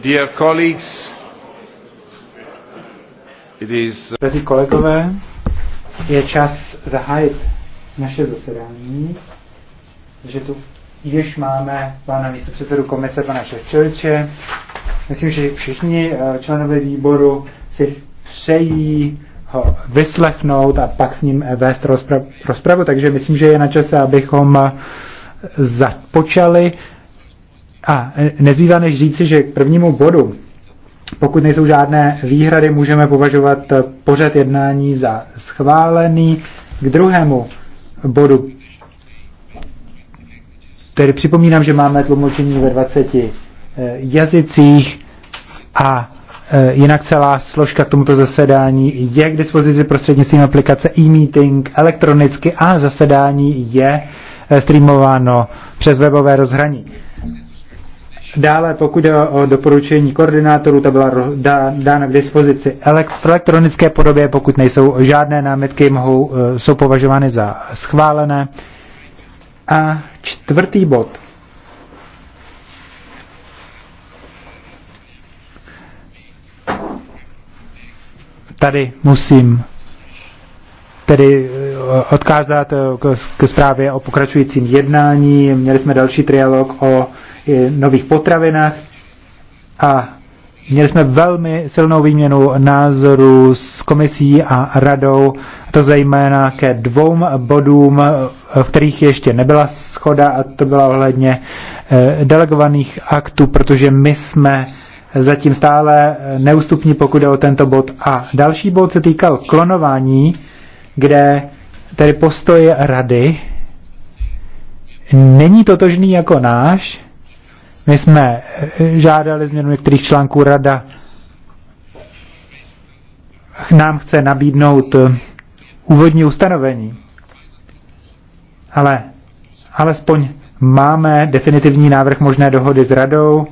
Dear colleagues, it is... Uh, Drazí kolegové, je čas zahájit naše zasedání, že tu již máme místo místopředsedu komise, pana Ševčoviče. Myslím, že všichni eh, členové výboru si přejí ho vyslechnout a pak s ním eh, vést rozpravu, rozpravu takže myslím, že je na čase, abychom eh, započali. A e, nezbývá než říci, že k prvnímu bodu, pokud nejsou žádné výhrady, můžeme považovat e, pořad jednání za schválený. K druhému bodu, tedy připomínám, že máme tlumočení ve 20 e, jazycích a jinak celá složka k tomuto zasedání je k dispozici prostřednictvím aplikace e-meeting elektronicky a zasedání je streamováno přes webové rozhraní. Dále, pokud jde o doporučení koordinátorů, ta byla dána k dispozici v elektronické podobě, pokud nejsou žádné námitky, mohou, eh, jsou považovány za schválené. A čtvrtý bod. Tady musím tedy eh, odkázat eh, k zprávě o pokračujícím jednání. Měli jsme další trialog o nových potravinách a Měli jsme velmi silnou výměnu názorů s komisí a radou, to zejména ke dvou bodům, v kterých ještě nebyla schoda, a to byla ohledně eh, delegovaných aktů, protože my jsme zatím stále neústupní, pokud jde o tento bod. A další bod se týkal klonování, kde tedy postoje rady není totožný jako náš, my jsme eh, žádali změnu některých článků rada. Nám chce nabídnout eh, úvodní ustanovení. Ale alespoň máme definitivní návrh možné dohody s radou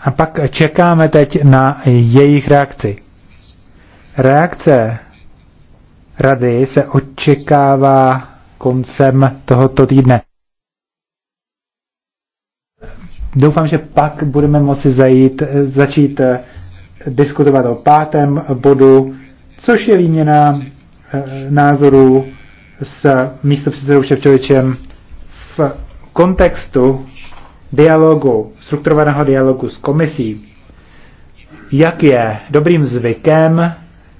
a pak čekáme teď na jejich reakci. Reakce rady se očekává koncem tohoto týdne doufám, že pak budeme moci zajít, začít eh, diskutovat o pátém bodu, což je výměna eh, názorů s místopředsedou Ševčovičem v kontextu dialogu, strukturovaného dialogu s komisí. Jak je dobrým zvykem,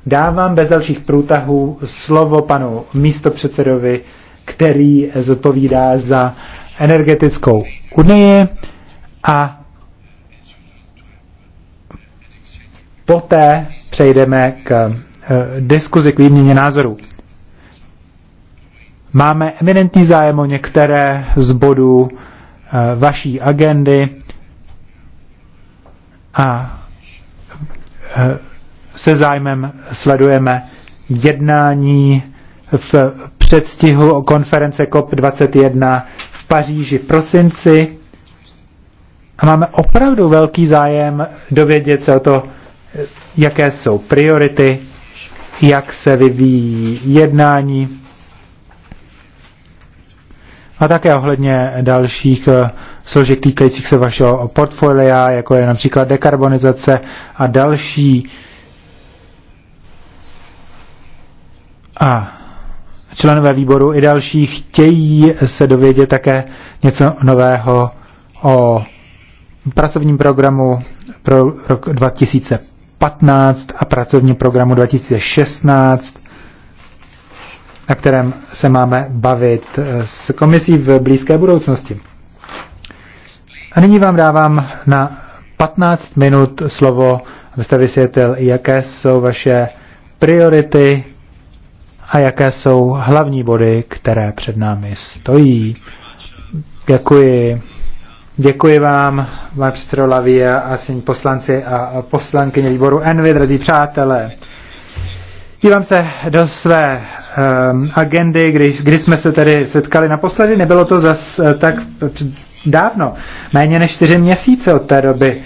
dávám bez dalších průtahů slovo panu místopředsedovi, který zodpovídá za energetickou unii a poté přejdeme k eh, diskuzi, k výměně názorů. Máme eminentní zájem o některé z bodů eh, vaší agendy a eh, se zájmem sledujeme jednání v předstihu o konference COP21 v Paříži v prosinci a máme opravdu velký zájem dovědět se o to, jaké jsou priority, jak se vyvíjí jednání a také ohledně dalších eh, složek týkajících se vašeho portfolia, jako je například dekarbonizace a další. A členové výboru i další chtějí se dovědět také něco nového o pracovním programu pro rok 2015 a pracovním programu 2016, na kterém se máme bavit eh, s komisí v blízké budoucnosti. A nyní vám dávám na 15 minut slovo, abyste vysvětlil, jaké jsou vaše priority a jaké jsou hlavní body, které před námi stojí. Děkuji. Děkuji vám, pane předsedo a a poslanci a poslankyně výboru Envy, drazí přátelé. Dívám se do své um, agendy, kdy, kdy jsme se tedy setkali naposledy. Nebylo to zas uh, tak dávno. Méně než čtyři měsíce od té doby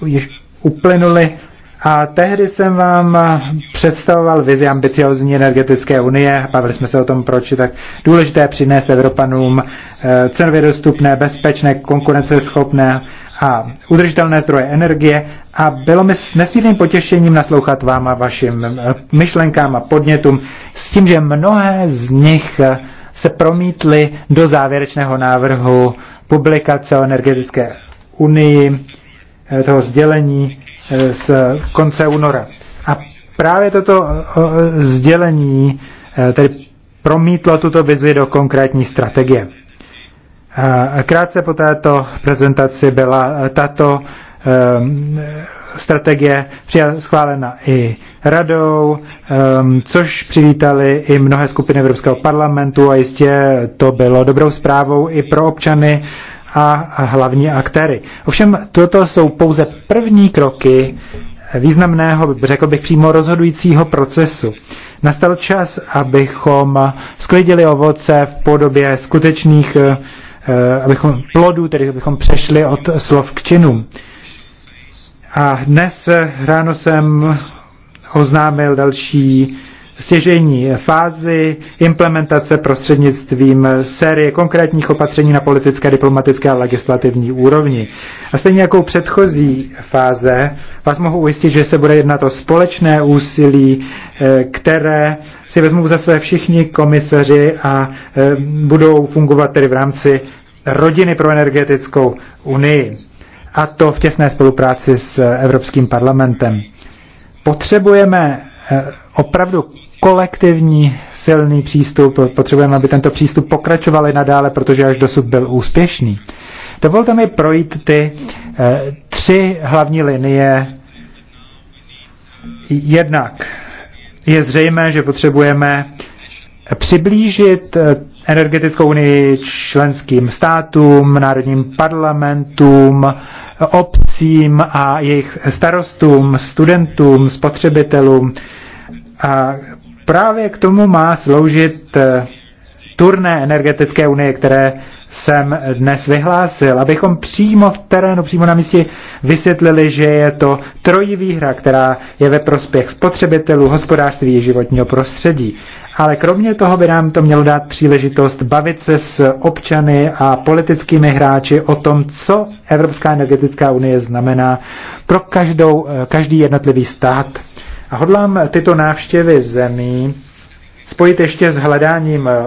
uh, již uplynuly a tehdy jsem vám eh, představoval vizi ambiciozní energetické unie, bavili jsme se o tom, proč je tak důležité přinést Evropanům eh, cenově dostupné, bezpečné, konkurenceschopné a udržitelné zdroje energie a bylo mi s nesmírným potěšením naslouchat vám a vašim eh, myšlenkám a podnětům s tím, že mnohé z nich se promítly do závěrečného návrhu publikace o energetické unii, toho sdělení, Eh, z konce února. A právě toto eh, eh, sdělení tedy promítlo tuto vizi do konkrétní strategie. Krátce po této prezentaci byla tato strategie schválena i radou, ehm, což přivítali i mnohé skupiny Evropského parlamentu a jistě to bylo dobrou zprávou i pro občany a, hlavní aktéry. Ovšem, toto jsou pouze první kroky významného, řekl bych přímo rozhodujícího procesu. Nastal čas, abychom sklidili ovoce v podobě skutečných eh, eh, abychom plodů, tedy abychom přešli od slov k činům. A dnes ráno jsem oznámil další stěžejní fázi implementace prostřednictvím série konkrétních opatření na politické, diplomatické a legislativní úrovni. A stejně jako u předchozí fáze vás mohu ujistit, že se bude jednat o společné úsilí, eh, které si vezmou za své všichni komisaři a eh, budou fungovat tedy v rámci rodiny pro energetickou unii. A to v těsné spolupráci s Evropským parlamentem. Potřebujeme eh, opravdu kolektivní silný přístup. Potřebujeme, aby tento přístup pokračoval i nadále, protože až dosud byl úspěšný. Dovolte mi projít ty eh, tři hlavní linie. Jednak je zřejmé, že potřebujeme přiblížit eh, energetickou unii členským státům, národním parlamentům, obcím a jejich starostům, studentům, spotřebitelům. A právě k tomu má sloužit eh, turné energetické unie, které jsem dnes vyhlásil, abychom přímo v terénu, přímo na místě vysvětlili, že je to trojí výhra, která je ve prospěch spotřebitelů, hospodářství i životního prostředí. Ale kromě toho by nám to mělo dát příležitost bavit se s občany a politickými hráči o tom, co Evropská energetická unie znamená pro každou, eh, každý jednotlivý stát. A hodlám tyto návštěvy zemí spojit ještě s hledáním eh,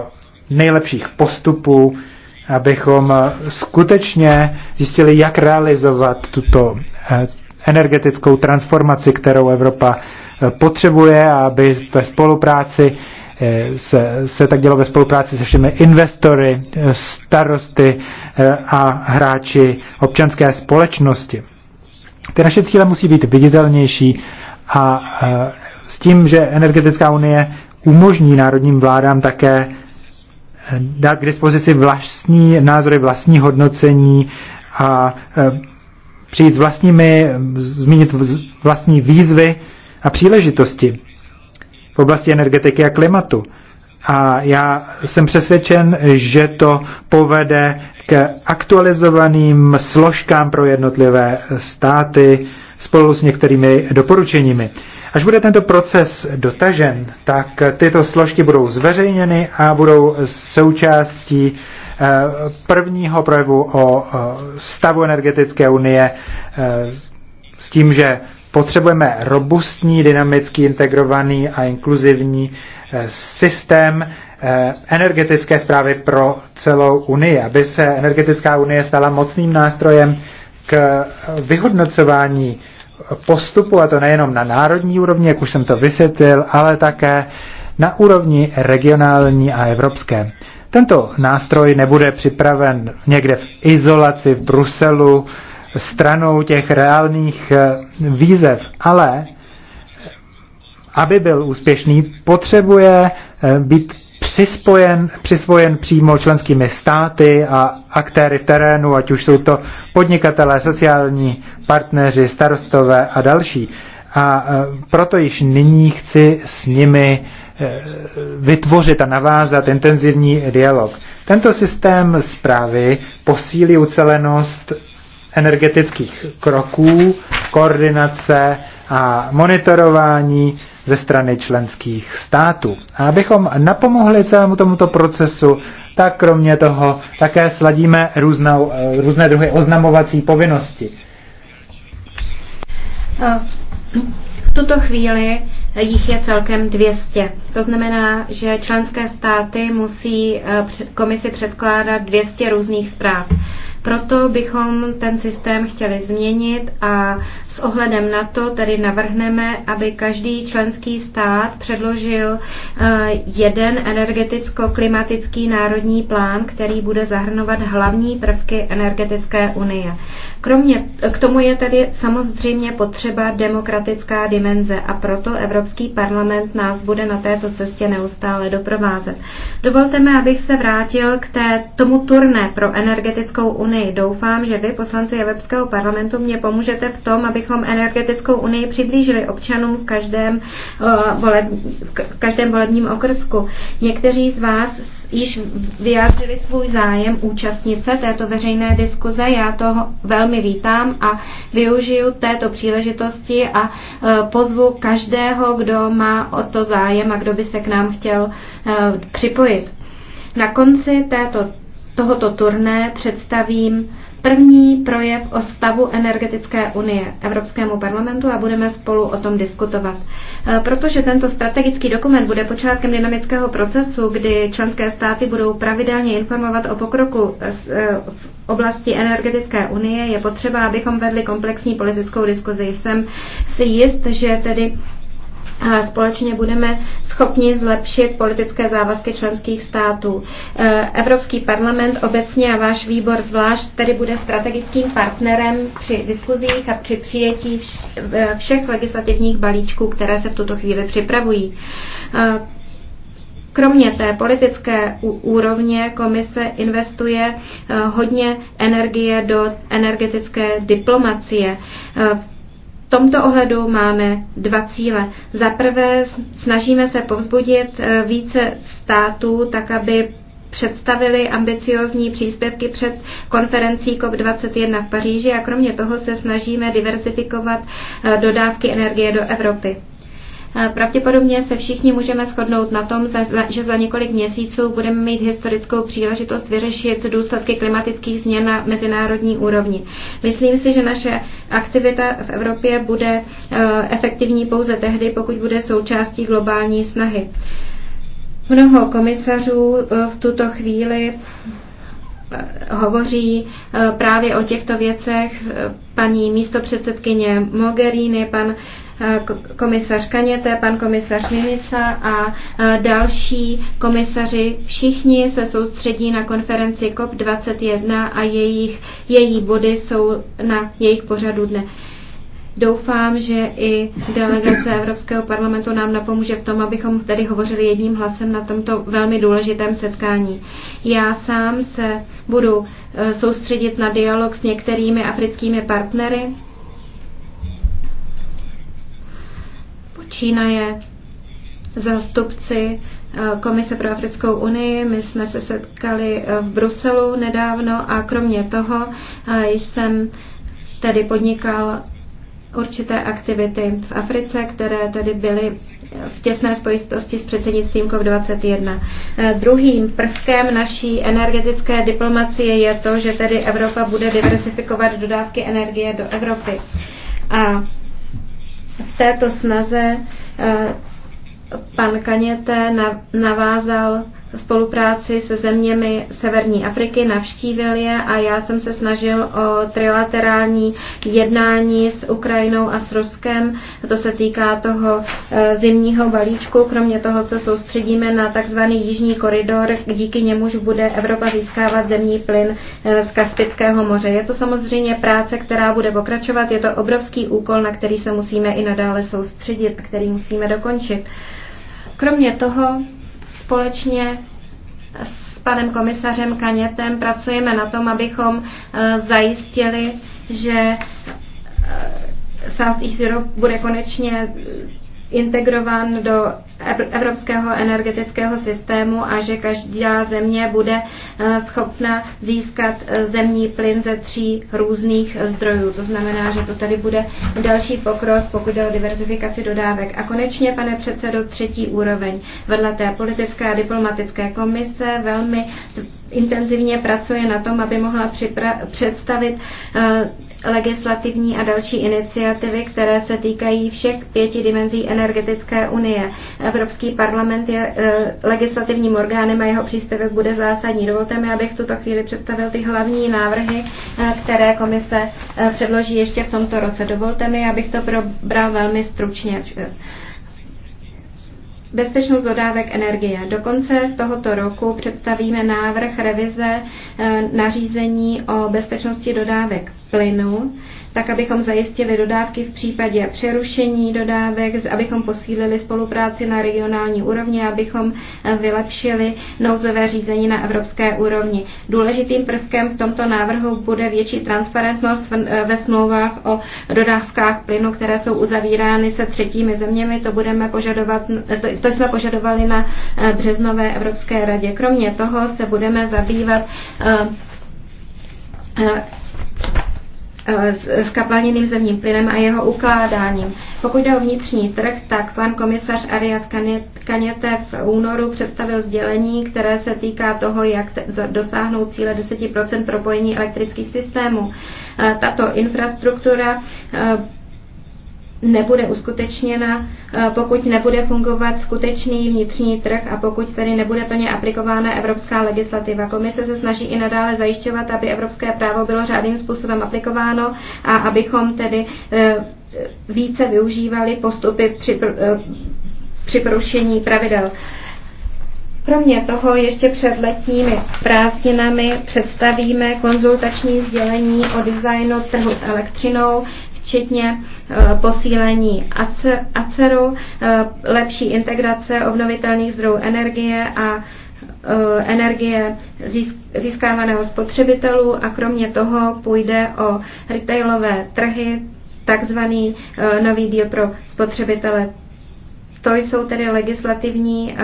nejlepších postupů, abychom eh, skutečně zjistili, jak realizovat tuto eh, energetickou transformaci, kterou Evropa potřebuje, aby ve spolupráci se, se tak dělo ve spolupráci se všemi investory, starosty a hráči občanské společnosti. Ty naše cíle musí být viditelnější a e, s tím, že energetická unie umožní národním vládám také e, dát k dispozici vlastní názory, vlastní hodnocení a e, přijít s vlastními, zmínit vlastní výzvy a příležitosti v oblasti energetiky a klimatu. A já jsem přesvědčen, že to povede k aktualizovaným složkám pro jednotlivé státy, spolu s některými doporučeními. Až bude tento proces dotažen, tak tyto složky budou zveřejněny a budou součástí eh, prvního projevu o eh, stavu energetické unie eh, s tím, že potřebujeme robustní, dynamický, integrovaný a inkluzivní systém energetické zprávy pro celou Unii, aby se energetická unie stala mocným nástrojem k vyhodnocování postupu, a to nejenom na národní úrovni, jak už jsem to vysvětlil, ale také na úrovni regionální a evropské. Tento nástroj nebude připraven někde v izolaci v Bruselu stranou těch reálných eh, výzev, ale aby byl úspěšný, potřebuje eh, být přispojen, přispojen přímo členskými státy a aktéry v terénu, ať už jsou to podnikatelé, sociální partneři, starostové a další. A e, proto již nyní chci s nimi e, vytvořit a navázat intenzivní dialog. Tento systém zprávy posílí ucelenost energetických kroků, koordinace a monitorování ze strany členských států. A abychom napomohli celému tomuto procesu, tak kromě toho také sladíme různou, eh, různé druhy oznamovací povinnosti. V tuto chvíli jich je celkem 200. To znamená, že členské státy musí eh, komisi předkládat 200 různých zpráv. Proto bychom ten systém chtěli změnit a s ohledem na to tedy navrhneme, aby každý členský stát předložil eh, jeden energeticko-klimatický národní plán, který bude zahrnovat hlavní prvky energetické unie. Kromě k tomu je tedy samozřejmě potřeba demokratická dimenze a proto Evropský parlament nás bude na této cestě neustále doprovázet. Dovolte mi, abych se vrátil k té, tomu turné pro energetickou unii. Doufám, že vy, poslanci Evropského parlamentu, mě pomůžete v tom, abych abychom energetickou unii přiblížili občanům v každém, eh, voleb, v každém volebním okrsku. Někteří z vás již vyjádřili svůj zájem účastnice této veřejné diskuze. Já to velmi vítám a využiju této příležitosti a eh, pozvu každého, kdo má o to zájem a kdo by se k nám chtěl eh, připojit. Na konci této, tohoto turné představím první projev o stavu energetické unie Evropskému parlamentu a budeme spolu o tom diskutovat. E, protože tento strategický dokument bude počátkem dynamického procesu, kdy členské státy budou pravidelně informovat o pokroku e, e, v oblasti energetické unie, je potřeba, abychom vedli komplexní politickou diskuzi. Jsem si jist, že tedy společně budeme schopni zlepšit politické závazky členských států. E, Evropský parlament obecně a váš výbor zvlášť tedy bude strategickým partnerem při diskuzích a při přijetí e, všech legislativních balíčků, které se v tuto chvíli připravují. E, kromě té politické úrovně komise investuje hodně energie do energetické diplomacie. V tomto ohledu máme dva cíle. Za prvé snažíme se povzbudit eh, více států, tak aby představili ambiciozní příspěvky před konferencí COP21 v Paříži a kromě toho se snažíme diversifikovat eh, dodávky energie do Evropy. Eh, pravděpodobně se všichni můžeme shodnout na tom, že za několik měsíců budeme mít historickou příležitost vyřešit důsledky klimatických změn na mezinárodní úrovni. Myslím si, že naše aktivita v Evropě bude eh, efektivní pouze tehdy, pokud bude součástí globální snahy. Mnoho komisařů eh, v tuto chvíli hovoří právě o těchto věcech paní místopředsedkyně Mogherini, pan Eh, komisař Kaněte, pan komisař Mimica a eh, další komisaři. Všichni se soustředí na konferenci COP21 a jejich, její body jsou na jejich pořadu dne. Doufám, že i delegace Evropského parlamentu nám napomůže v tom, abychom tady hovořili jedním hlasem na tomto velmi důležitém setkání. Já sám se budu eh, soustředit na dialog s některými africkými partnery Čína je zástupci eh, Komise pro Africkou unii. My jsme se setkali eh, v Bruselu nedávno a kromě toho eh, jsem tedy podnikal určité aktivity v Africe, které tedy byly v těsné spojitosti s předsednictvím COP21. Druhým prvkem naší energetické diplomacie je to, že tedy Evropa bude diversifikovat dodávky energie do Evropy. A v této snaze eh, pan Kaněte navázal spolupráci se zeměmi Severní Afriky, navštívil je a já jsem se snažil o trilaterální jednání s Ukrajinou a s Ruskem. To se týká toho e, zimního balíčku. Kromě toho se soustředíme na tzv. jižní koridor, díky němuž bude Evropa získávat zemní plyn e, z Kaspického moře. Je to samozřejmě práce, která bude pokračovat. Je to obrovský úkol, na který se musíme i nadále soustředit, který musíme dokončit. Kromě toho Společně s panem komisařem Kanětem pracujeme na tom, abychom eh, zajistili, že eh, South East Europe bude konečně eh, integrován do evropského energetického systému a že každá země bude eh, schopna získat eh, zemní plyn ze tří různých eh, zdrojů. To znamená, že to tady bude další pokrok, pokud jde o diverzifikaci dodávek. A konečně, pane předsedo, třetí úroveň. Vedle té politické a diplomatické komise velmi intenzivně pracuje na tom, aby mohla představit legislativní a další iniciativy, které se týkají všech pěti dimenzí energetické unie. Evropský parlament je eh, legislativním orgánem a jeho příspěvek bude zásadní. Dovolte mi, abych v tuto chvíli představil ty hlavní návrhy, eh, které komise eh, předloží ještě v tomto roce. Dovolte mi, abych to probral velmi stručně bezpečnost dodávek energie. Do konce tohoto roku představíme návrh revize nařízení o bezpečnosti dodávek plynu tak abychom zajistili dodávky v případě přerušení dodávek, abychom posílili spolupráci na regionální úrovni, abychom eh, vylepšili nouzové řízení na evropské úrovni. Důležitým prvkem v tomto návrhu bude větší transparentnost eh, ve smlouvách o dodávkách plynu, které jsou uzavírány se třetími zeměmi. To, budeme požadovat, eh, to, to jsme požadovali na březnové Evropské radě. Kromě toho se budeme zabývat Eh, s kaplaněným zemním plynem a jeho ukládáním. Pokud jde o vnitřní trh, tak pan komisař Arias Kaněte v únoru představil sdělení, které se týká toho, jak dosáhnout cíle 10 propojení elektrických systémů. Eh, tato infrastruktura eh, nebude uskutečněna, eh, pokud nebude fungovat skutečný vnitřní trh a pokud tedy nebude plně aplikována evropská legislativa. Komise se snaží i nadále zajišťovat, aby evropské právo bylo řádným způsobem aplikováno a abychom tedy eh, více využívali postupy při, eh, při porušení pravidel. Kromě toho ještě před letními prázdninami představíme konzultační sdělení o designu trhu s elektřinou včetně eh, posílení ACERu, eh, lepší integrace obnovitelných zdrojů energie a eh, energie získávaného spotřebitelů a kromě toho půjde o retailové trhy, takzvaný nový díl pro spotřebitele. To jsou tedy legislativní eh,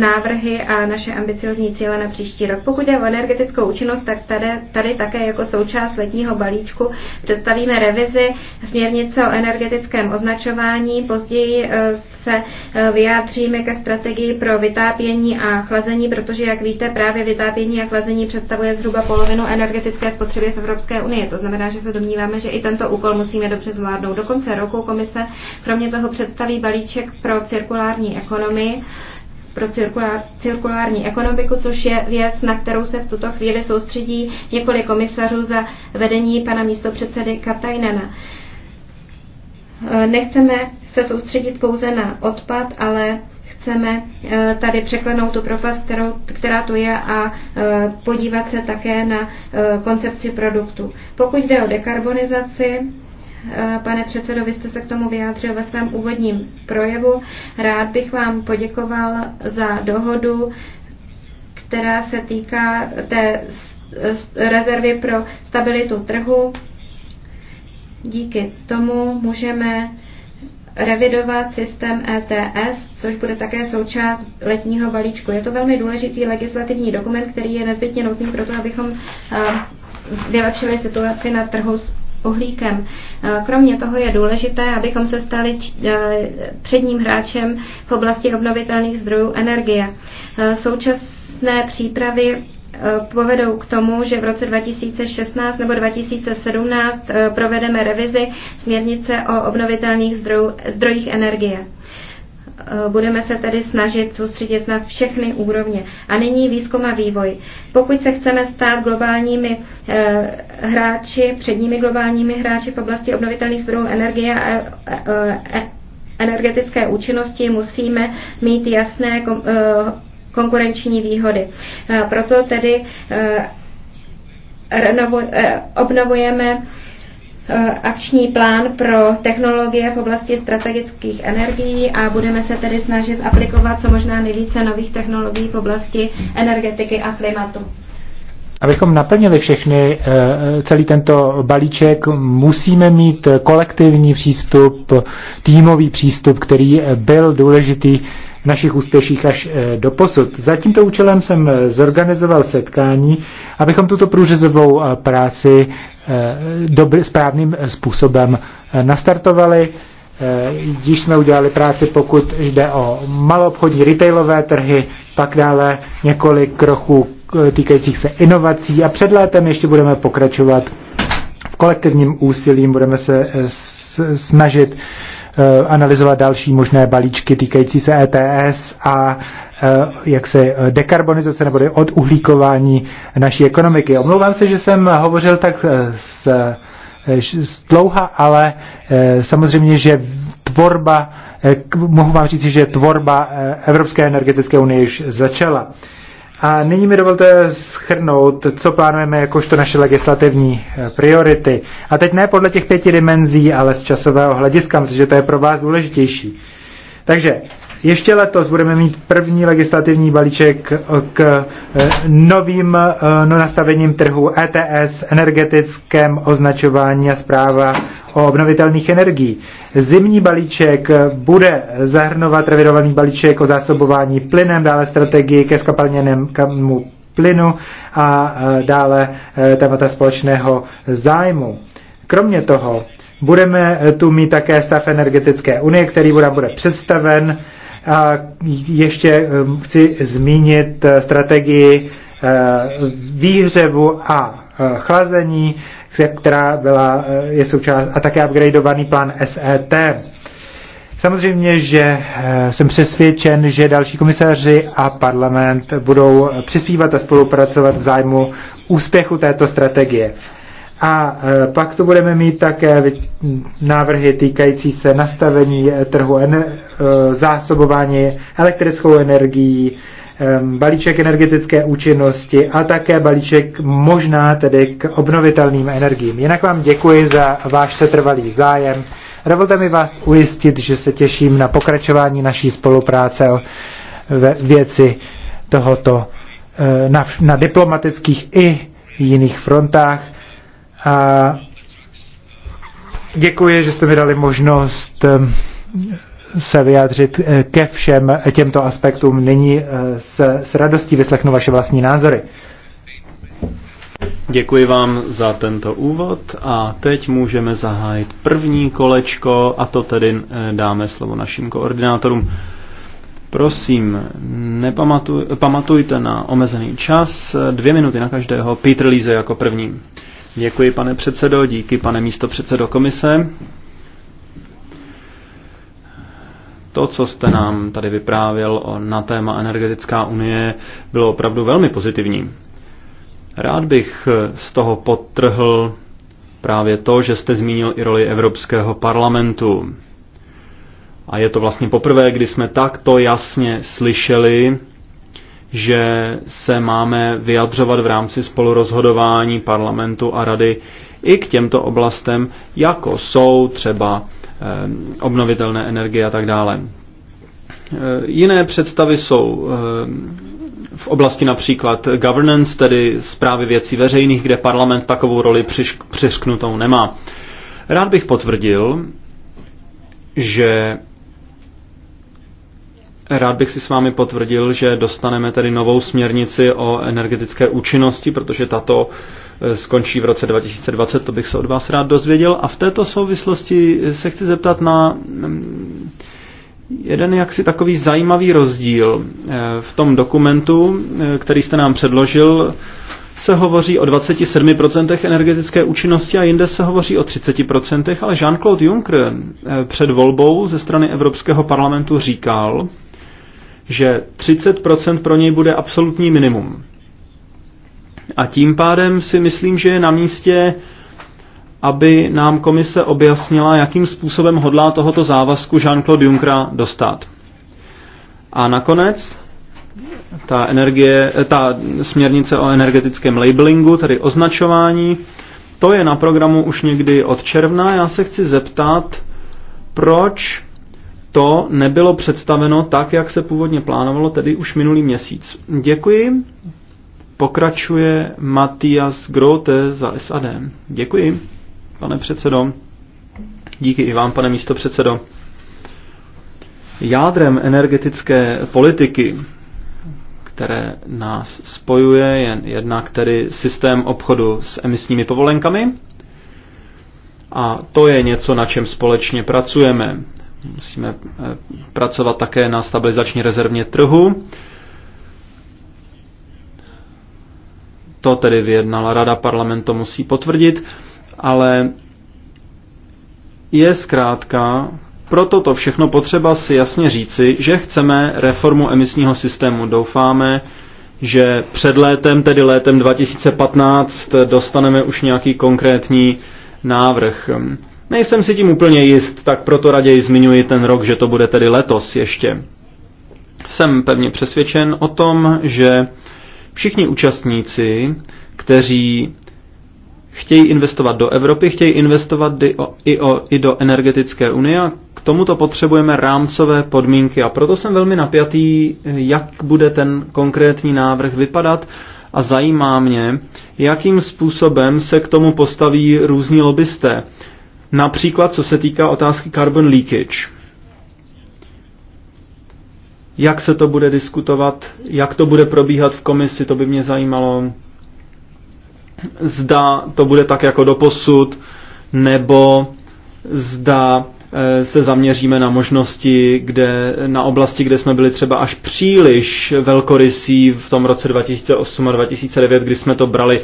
návrhy a naše ambiciozní cíle na příští rok. Pokud jde o energetickou účinnost, tak tady, tady také jako součást letního balíčku představíme revizi směrnice o energetickém označování. Později eh, se eh, vyjádříme ke strategii pro vytápění a chlazení, protože, jak víte, právě vytápění a chlazení představuje zhruba polovinu energetické spotřeby v Evropské unii. To znamená, že se domníváme, že i tento úkol musíme dobře zvládnout. Do konce roku komise kromě toho představí balíček pro cirkulární ekonomii, pro cirkulár, cirkulární ekonomiku, což je věc, na kterou se v tuto chvíli soustředí několik komisařů za vedení pana místopředsedy Katajnena. Eh, nechceme se soustředit pouze na odpad, ale chceme eh, tady překlenout tu propast, kterou, která tu je a eh, podívat se také na koncepci produktu. Pokud jde o dekarbonizaci, Eh, pane předsedo, vy jste se k tomu vyjádřil ve svém úvodním projevu. Rád bych vám poděkoval za dohodu, která se týká té rezervy pro stabilitu trhu. Díky tomu můžeme revidovat systém ETS, což bude také součást letního balíčku. Je to velmi důležitý legislativní dokument, který je nezbytně nutný pro to, abychom eh, vylepšili situaci na trhu s uhlíkem. Eh, kromě toho je důležité, abychom se stali eh, předním hráčem v oblasti obnovitelných zdrojů energie. Eh, současné přípravy povedou k tomu, že v roce 2016 nebo 2017 provedeme revizi směrnice o obnovitelných zdrojů, zdrojích energie. Eh, budeme se tedy snažit soustředit na všechny úrovně. A nyní výzkum a vývoj. Pokud se chceme stát globálními eh, hráči, předními globálními hráči v oblasti obnovitelných zdrojů energie a eh, energetické účinnosti, musíme mít jasné konkurenční výhody. Proto tedy obnovujeme Eh, akční plán pro technologie v oblasti strategických energií a budeme se tedy snažit aplikovat co možná nejvíce nových technologií v oblasti energetiky a klimatu. Abychom naplnili všechny, eh, celý tento balíček, musíme mít kolektivní přístup, týmový přístup, který byl důležitý našich úspěších až eh, do posud. Za tímto účelem jsem eh, zorganizoval setkání, abychom tuto průřezovou eh, práci dobrý, správným způsobem nastartovali. Již jsme udělali práci, pokud jde o maloobchodní retailové trhy, pak dále několik kroků týkajících se inovací a před létem ještě budeme pokračovat v kolektivním úsilím, budeme se snažit Eh, analyzovat další možné balíčky týkající se ETS a eh, jak se eh, dekarbonizace nebo od uhlíkování naší ekonomiky. Omlouvám se, že jsem hovořil tak s, s dlouha, ale samozřejmě, že tvorba, mohu vám říct, že tvorba Evropské energetické unie již začala. A nyní mi dovolte schrnout, co plánujeme jakožto naše legislativní eh, priority. A teď ne podle těch pěti dimenzí, ale z časového hlediska, protože to je pro vás důležitější. Takže ještě letos budeme mít první legislativní balíček eh, k eh, novým eh, no, nastavením trhu ETS, energetickém označování a zpráva o obnovitelných energií. Zimní balíček bude zahrnovat revidovaný balíček o zásobování plynem, dále strategii ke skapalněnému plynu a dále témata společného zájmu. Kromě toho budeme tu mít také stav energetické unie, který bude, bude představen a ještě um, chci zmínit eh, strategii eh, výhřevu a eh, chlazení, která byla, je součást, a také upgradeovaný plán SET. Samozřejmě, že jsem přesvědčen, že další komisaři a parlament budou přispívat a spolupracovat v zájmu úspěchu této strategie. A e, pak tu budeme mít také návrhy týkající se nastavení e, trhu e, zásobování elektrickou energií, balíček energetické účinnosti a také balíček možná tedy k obnovitelným energiím. Jinak vám děkuji za váš setrvalý zájem. Dovolte mi vás ujistit, že se těším na pokračování naší spolupráce ve věci tohoto na, na diplomatických i jiných frontách a děkuji, že jste mi dali možnost eh, se vyjádřit eh, ke všem těmto aspektům. Nyní eh, s, s radostí vyslechnu vaše vlastní názory. Děkuji vám za tento úvod a teď můžeme zahájit první kolečko a to tedy dáme slovo našim koordinátorům. Prosím, nepamatujte na omezený čas, dvě minuty na každého, Peter Líze jako první. Děkuji, pane předsedo, díky, pane místo předsedo komise. To, co jste nám tady vyprávěl na téma energetická unie, bylo opravdu velmi pozitivní. Rád bych z toho podtrhl právě to, že jste zmínil i roli Evropského parlamentu. A je to vlastně poprvé, kdy jsme takto jasně slyšeli že se máme vyjadřovat v rámci spolurozhodování parlamentu a rady i k těmto oblastem, jako jsou třeba eh, obnovitelné energie a tak dále. Eh, jiné představy jsou eh, v oblasti například governance, tedy zprávy věcí veřejných, kde parlament takovou roli přišknutou nemá. Rád bych potvrdil, že Rád bych si s vámi potvrdil, že dostaneme tedy novou směrnici o energetické účinnosti, protože tato eh, skončí v roce 2020, to bych se od vás rád dozvěděl. A v této souvislosti se chci zeptat na mm, jeden jaksi takový zajímavý rozdíl. Eh, v tom dokumentu, eh, který jste nám předložil, se hovoří o 27% energetické účinnosti a jinde se hovoří o 30%, ale Jean-Claude Juncker před volbou ze strany Evropského parlamentu říkal, že 30% pro něj bude absolutní minimum. A tím pádem si myslím, že je na místě, aby nám komise objasnila, jakým způsobem hodlá tohoto závazku Jean-Claude Junckera dostat. A nakonec ta, energie, eh, ta směrnice o energetickém labelingu, tedy označování, to je na programu už někdy od června. Já se chci zeptat, proč to nebylo představeno tak, jak se původně plánovalo, tedy už minulý měsíc. Děkuji. Pokračuje Matias Grote za SAD. Děkuji, pane předsedo. Díky i vám, pane místo předsedo. Jádrem energetické politiky, které nás spojuje, je jednak tedy systém obchodu s emisními povolenkami, a to je něco, na čem společně pracujeme. Musíme eh, pracovat také na stabilizační rezervně trhu. To tedy vyjednala Rada, parlamentu musí potvrdit, ale je zkrátka proto to všechno potřeba si jasně říci, že chceme reformu emisního systému. Doufáme, že před létem, tedy létem 2015, dostaneme už nějaký konkrétní návrh. Nejsem si tím úplně jist, tak proto raději zmiňuji ten rok, že to bude tedy letos ještě. Jsem pevně přesvědčen o tom, že všichni účastníci, kteří chtějí investovat do Evropy, chtějí investovat i, o, i, o, i do energetické unie a k tomuto potřebujeme rámcové podmínky a proto jsem velmi napjatý, jak bude ten konkrétní návrh vypadat a zajímá mě, jakým způsobem se k tomu postaví různí lobbysté. Například co se týká otázky carbon leakage. Jak se to bude diskutovat, jak to bude probíhat v komisi, to by mě zajímalo. Zda to bude tak jako doposud, nebo zda eh, se zaměříme na možnosti, kde, na oblasti, kde jsme byli třeba až příliš velkorysí v tom roce 2008 a 2009, kdy jsme to brali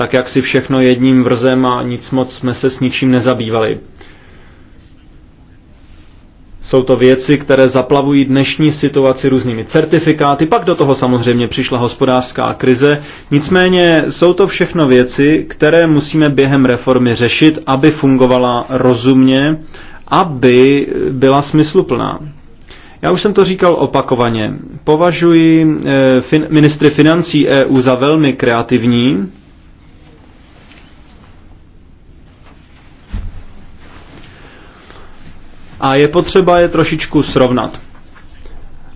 tak jak si všechno jedním vrzem a nic moc jsme se s ničím nezabývali. Jsou to věci, které zaplavují dnešní situaci různými certifikáty, pak do toho samozřejmě přišla hospodářská krize. Nicméně jsou to všechno věci, které musíme během reformy řešit, aby fungovala rozumně, aby byla smysluplná. Já už jsem to říkal opakovaně. Považuji eh, fin- ministry financí EU za velmi kreativní, a je potřeba je trošičku srovnat.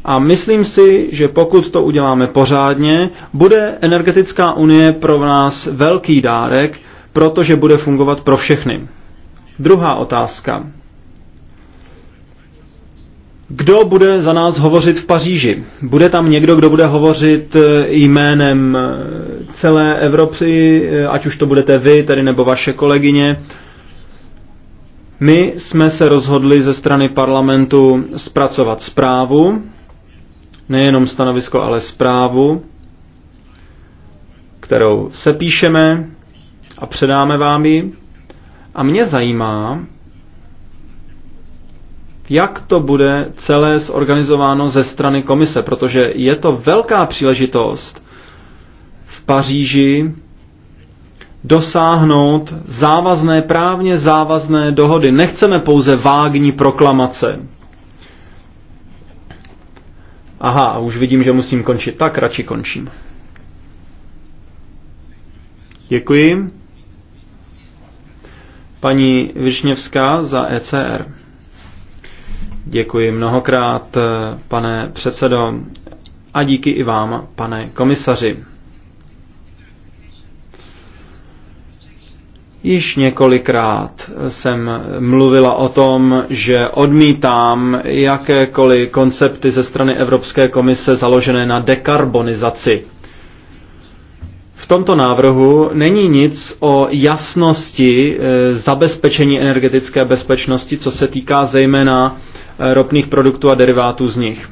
A myslím si, že pokud to uděláme pořádně, bude energetická unie pro nás velký dárek, protože bude fungovat pro všechny. Druhá otázka. Kdo bude za nás hovořit v Paříži? Bude tam někdo, kdo bude hovořit eh, jménem eh, celé Evropy, eh, ať už to budete vy, tedy nebo vaše kolegyně? My jsme se rozhodli ze strany parlamentu zpracovat zprávu, nejenom stanovisko, ale zprávu, kterou sepíšeme a předáme vám ji. A mě zajímá, jak to bude celé zorganizováno ze strany komise, protože je to velká příležitost v Paříži dosáhnout závazné, právně závazné dohody. Nechceme pouze vágní proklamace. Aha, už vidím, že musím končit. Tak radši končím. Děkuji. Paní Višněvská za ECR. Děkuji mnohokrát, eh, pane předsedo, a díky i vám, pane komisaři. Již několikrát jsem mluvila o tom, že odmítám jakékoliv koncepty ze strany Evropské komise založené na dekarbonizaci. V tomto návrhu není nic o jasnosti eh, zabezpečení energetické bezpečnosti, co se týká zejména eh, ropných produktů a derivátů z nich.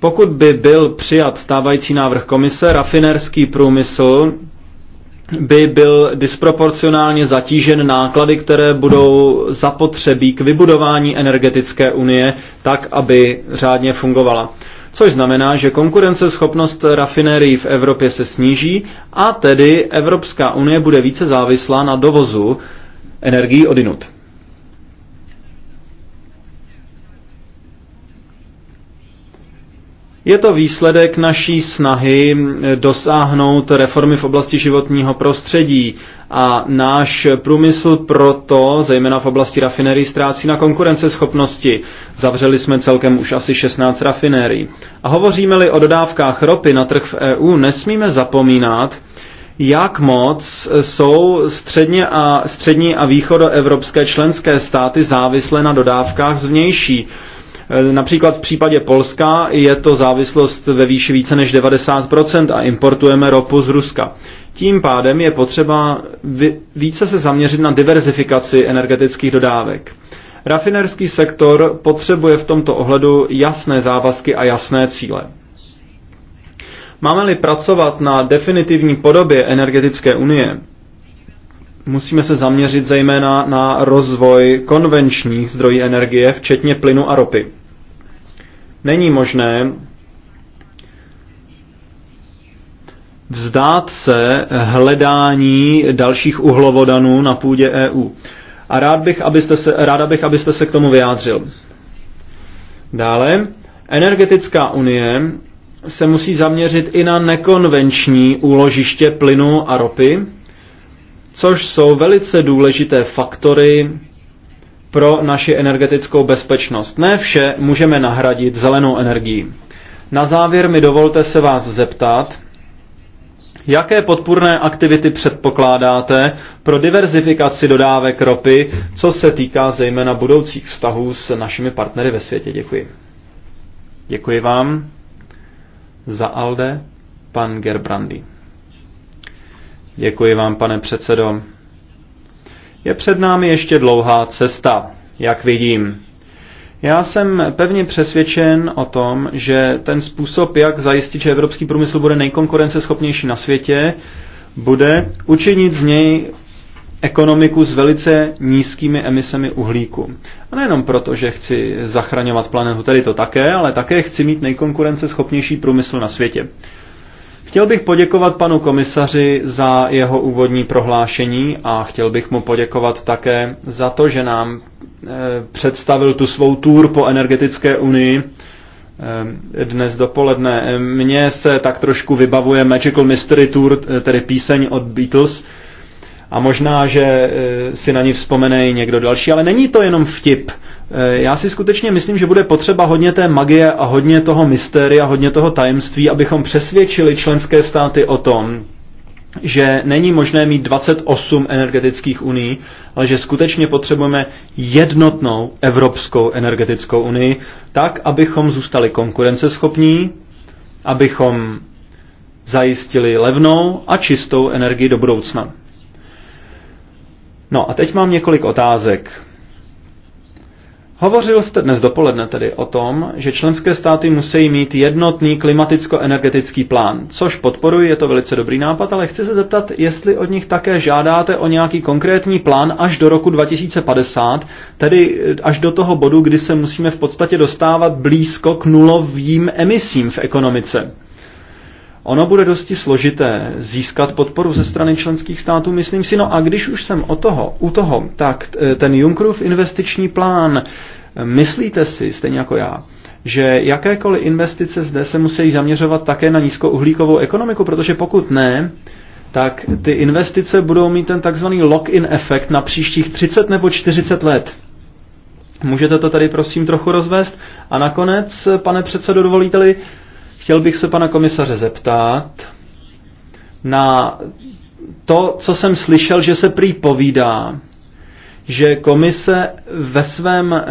Pokud by byl přijat stávající návrh komise, rafinerský průmysl by byl disproporcionálně zatížen náklady, které budou zapotřebí k vybudování energetické unie tak, aby řádně fungovala. Což znamená, že konkurenceschopnost rafinérií v Evropě se sníží a tedy Evropská unie bude více závislá na dovozu energií odinut. Je to výsledek naší snahy dosáhnout reformy v oblasti životního prostředí a náš průmysl proto, zejména v oblasti rafinerií, ztrácí na konkurenceschopnosti. Zavřeli jsme celkem už asi 16 rafinerií. A hovoříme-li o dodávkách ropy na trh v EU, nesmíme zapomínat, jak moc jsou středně a, střední a východoevropské členské státy závislé na dodávkách zvnější. Eh, například v případě Polska je to závislost ve výši více než 90% a importujeme ropu z Ruska. Tím pádem je potřeba více se zaměřit na diverzifikaci energetických dodávek. Rafinerský sektor potřebuje v tomto ohledu jasné závazky a jasné cíle. Máme-li pracovat na definitivní podobě energetické unie, musíme se zaměřit zejména na rozvoj konvenčních zdrojů energie, včetně plynu a ropy. Není možné vzdát se hledání dalších uhlovodanů na půdě EU. A rád bych, abyste se, ráda bych, abyste se k tomu vyjádřil. Dále, energetická unie se musí zaměřit i na nekonvenční úložiště plynu a ropy, což jsou velice důležité faktory pro naši energetickou bezpečnost. Ne vše můžeme nahradit zelenou energií. Na závěr mi dovolte se vás zeptat, Jaké podpůrné aktivity předpokládáte pro diverzifikaci dodávek ropy, co se týká zejména budoucích vztahů s našimi partnery ve světě? Děkuji. Děkuji vám. Za Alde, pan Gerbrandy. Děkuji vám, pane předsedo. Je před námi ještě dlouhá cesta, jak vidím. Já jsem pevně přesvědčen o tom, že ten způsob, jak zajistit, že evropský průmysl bude nejkonkurenceschopnější na světě, bude učinit z něj ekonomiku s velice nízkými emisemi uhlíku. A nejenom proto, že chci zachraňovat planetu, tedy to také, ale také chci mít nejkonkurenceschopnější průmysl na světě. Chtěl bych poděkovat panu komisaři za jeho úvodní prohlášení a chtěl bych mu poděkovat také za to, že nám eh, představil tu svou tour po energetické unii eh, dnes dopoledne. Mně se tak trošku vybavuje Magical Mystery Tour, tedy píseň od Beatles, a možná, že eh, si na ní vzpomene i někdo další, ale není to jenom vtip. Eh, já si skutečně myslím, že bude potřeba hodně té magie a hodně toho mystéria, hodně toho tajemství, abychom přesvědčili členské státy o tom, že není možné mít 28 energetických uní, ale že skutečně potřebujeme jednotnou Evropskou energetickou unii, tak, abychom zůstali konkurenceschopní, abychom zajistili levnou a čistou energii do budoucna. No a teď mám několik otázek. Hovořil jste dnes dopoledne tedy o tom, že členské státy musí mít jednotný klimaticko-energetický plán, což podporuji, je to velice dobrý nápad, ale chci se zeptat, jestli od nich také žádáte o nějaký konkrétní plán až do roku 2050, tedy až do toho bodu, kdy se musíme v podstatě dostávat blízko k nulovým emisím v ekonomice ono bude dosti složité získat podporu ze strany členských států, myslím si. No a když už jsem o toho, u toho, tak e, ten Junckerův investiční plán, e, myslíte si, stejně jako já, že jakékoliv investice zde se musí zaměřovat také na nízkouhlíkovou ekonomiku, protože pokud ne, tak ty investice budou mít ten takzvaný lock-in efekt na příštích 30 nebo 40 let. Můžete to tady prosím trochu rozvést? A nakonec, pane předsedo, dovolíte-li, Chtěl bych se pana komisaře zeptat na to, co jsem slyšel, že se prý povídá, že komise ve svém eh,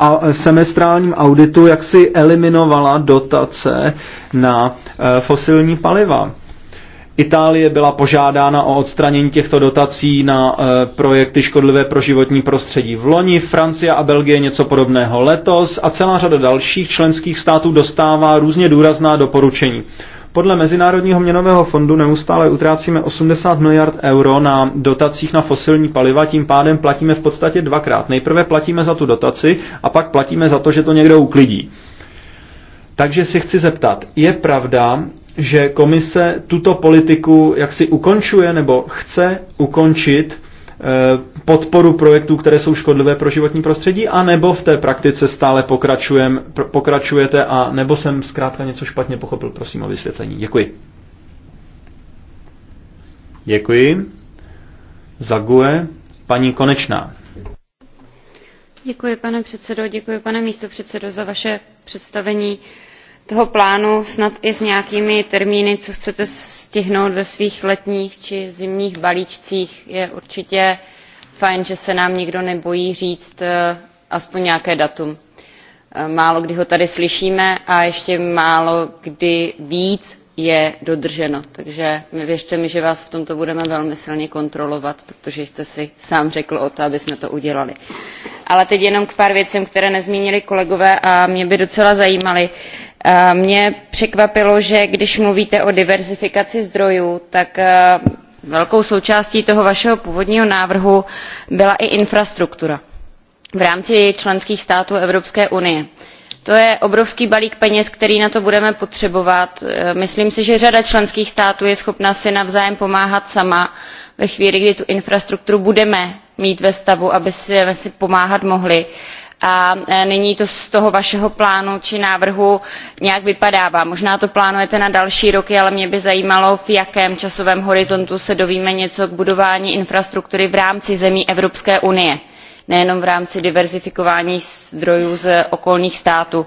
a, semestrálním auditu jaksi eliminovala dotace na eh, fosilní paliva. Itálie byla požádána o odstranění těchto dotací na eh, projekty škodlivé pro životní prostředí v loni, Francie a Belgie něco podobného letos a celá řada dalších členských států dostává různě důrazná doporučení. Podle Mezinárodního měnového fondu neustále utrácíme 80 miliard euro na dotacích na fosilní paliva, tím pádem platíme v podstatě dvakrát. Nejprve platíme za tu dotaci a pak platíme za to, že to někdo uklidí. Takže si chci zeptat, je pravda, že komise tuto politiku jaksi ukončuje nebo chce ukončit eh, podporu projektů, které jsou škodlivé pro životní prostředí, anebo v té praktice stále pokračujem, pokračujete a nebo jsem zkrátka něco špatně pochopil. Prosím o vysvětlení. Děkuji. Děkuji. Zague, paní Konečná. Děkuji, pane předsedo, děkuji, pane předsedo, za vaše představení toho plánu snad i s nějakými termíny co chcete stihnout ve svých letních či zimních balíčcích je určitě fajn že se nám nikdo nebojí říct eh, aspoň nějaké datum. Eh, málo kdy ho tady slyšíme a ještě málo kdy víc je dodrženo takže věřte mi že vás v tomto budeme velmi silně kontrolovat protože jste si sám řekl o to abychom to udělali. ale teď jenom k pár věcem které nezmínili kolegové a mě by docela zajímaly. Eh, mě překvapilo že když mluvíte o diverzifikaci zdrojů tak eh, velkou součástí toho vašeho původního návrhu byla i infrastruktura v rámci členských států evropské unie. to je obrovský balík peněz který na to budeme potřebovat. Eh, myslím si že řada členských států je schopna si navzájem pomáhat sama ve chvíli kdy tu infrastrukturu budeme mít ve stavu abychom si pomáhat mohli a e, nyní to z toho vašeho plánu či návrhu nějak vypadává. možná to plánujete na další roky ale mě by zajímalo v jakém časovém horizontu se dovíme něco o budování infrastruktury v rámci zemí evropské unie nejenom v rámci diverzifikování zdrojů z okolních států.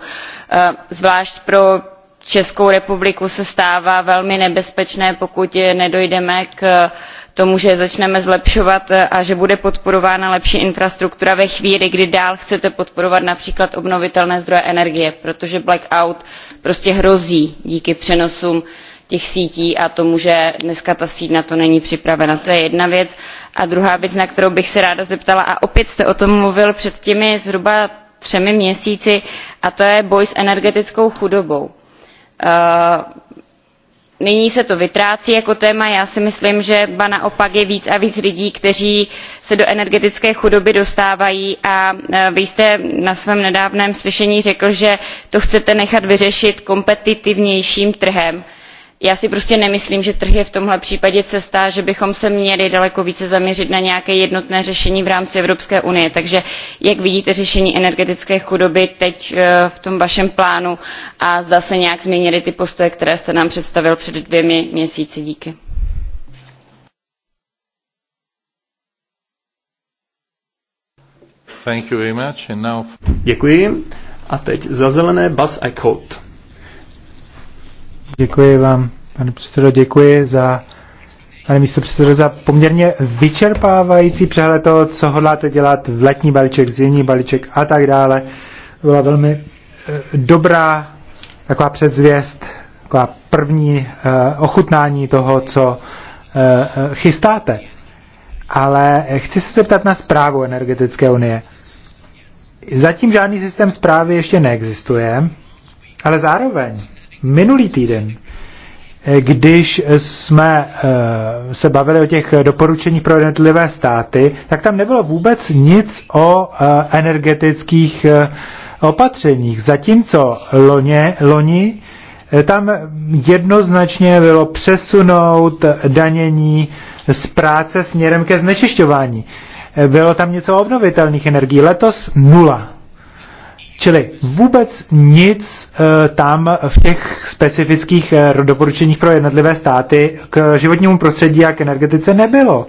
E, zvlášť pro českou republiku se stává velmi nebezpečné pokud nedojdeme k tomu že začneme zlepšovat eh, a že bude podporována lepší infrastruktura ve chvíli kdy dál chcete podporovat například obnovitelné zdroje energie protože black out prostě hrozí díky přenosům těch sítí a tomu že dnes ta síť na to není připravena. to je jedna věc. a druhá věc na kterou bych se ráda zeptala a opět jste o tom mluvil před těmi zhruba třemi měsíci a to je boj s energetickou chudobou. Uh, nyní se to vytrácí jako téma já si myslím že ba naopak je víc a víc lidí kteří se do energetické chudoby dostávají a e, vy jste na svém nedávném slyšení řekl že to chcete nechat vyřešit kompetitivnějším trhem já si prostě nemyslím že trh je v tomhle případě cesta že bychom se měli daleko více zaměřit na nějaké jednotné řešení v rámci evropské unie takže jak vidíte řešení energetické chudoby teď eh, v tom vašem plánu a zda se nějak změnily ty postoje které jste nám představil před dvěma měsíci? díky. Děkuji. A teď za zelené Bas Eichhout. Děkuji vám, pane předsedo, děkuji za, pane místo předsedo, za poměrně vyčerpávající přehled toho, co hodláte dělat v letní balíček, zimní balíček a tak dále. Byla velmi eh, dobrá taková předzvěst, taková první eh, ochutnání toho, co eh, chystáte. Ale chci se zeptat na zprávu energetické unie. Zatím žádný systém zprávy ještě neexistuje, ale zároveň minulý týden, eh, když jsme eh, se bavili o těch doporučeních pro jednotlivé státy, tak tam nebylo vůbec nic o eh, energetických opatřeních. Zatímco loně, loni tam jednoznačně bylo přesunout danění z práce směrem ke znečišťování. Bylo tam něco o obnovitelných energií, letos nula. Čili vůbec nic eh, tam v těch specifických eh, doporučeních pro jednotlivé státy k životnímu prostředí a k energetice nebylo.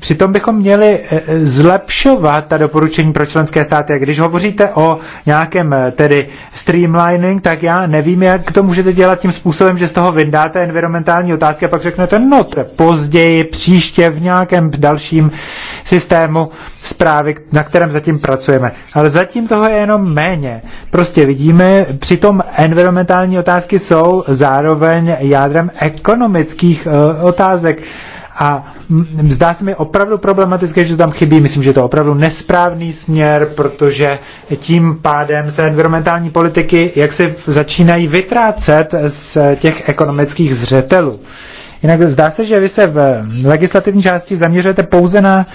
Přitom bychom měli e, e, zlepšovat ta doporučení pro členské státy. A když hovoříte o nějakém e, tedy streamlining, tak já nevím, jak to můžete dělat tím způsobem, že z toho vyndáte environmentální otázky a pak řeknete, no to později, příště v nějakém dalším systému zprávy, na kterém zatím pracujeme. Ale zatím toho je jenom méně. Prostě vidíme, přitom environmentální otázky jsou zároveň jádrem ekonomických otázek. A zdá se mi opravdu problematické, že tam chybí. Myslím, že to je opravdu nesprávný směr, protože tím pádem se environmentální politiky jak se začínají vytrácet z těch ekonomických zřetelů. Jinak zdá se, že vy se v legislativní části zaměřujete pouze na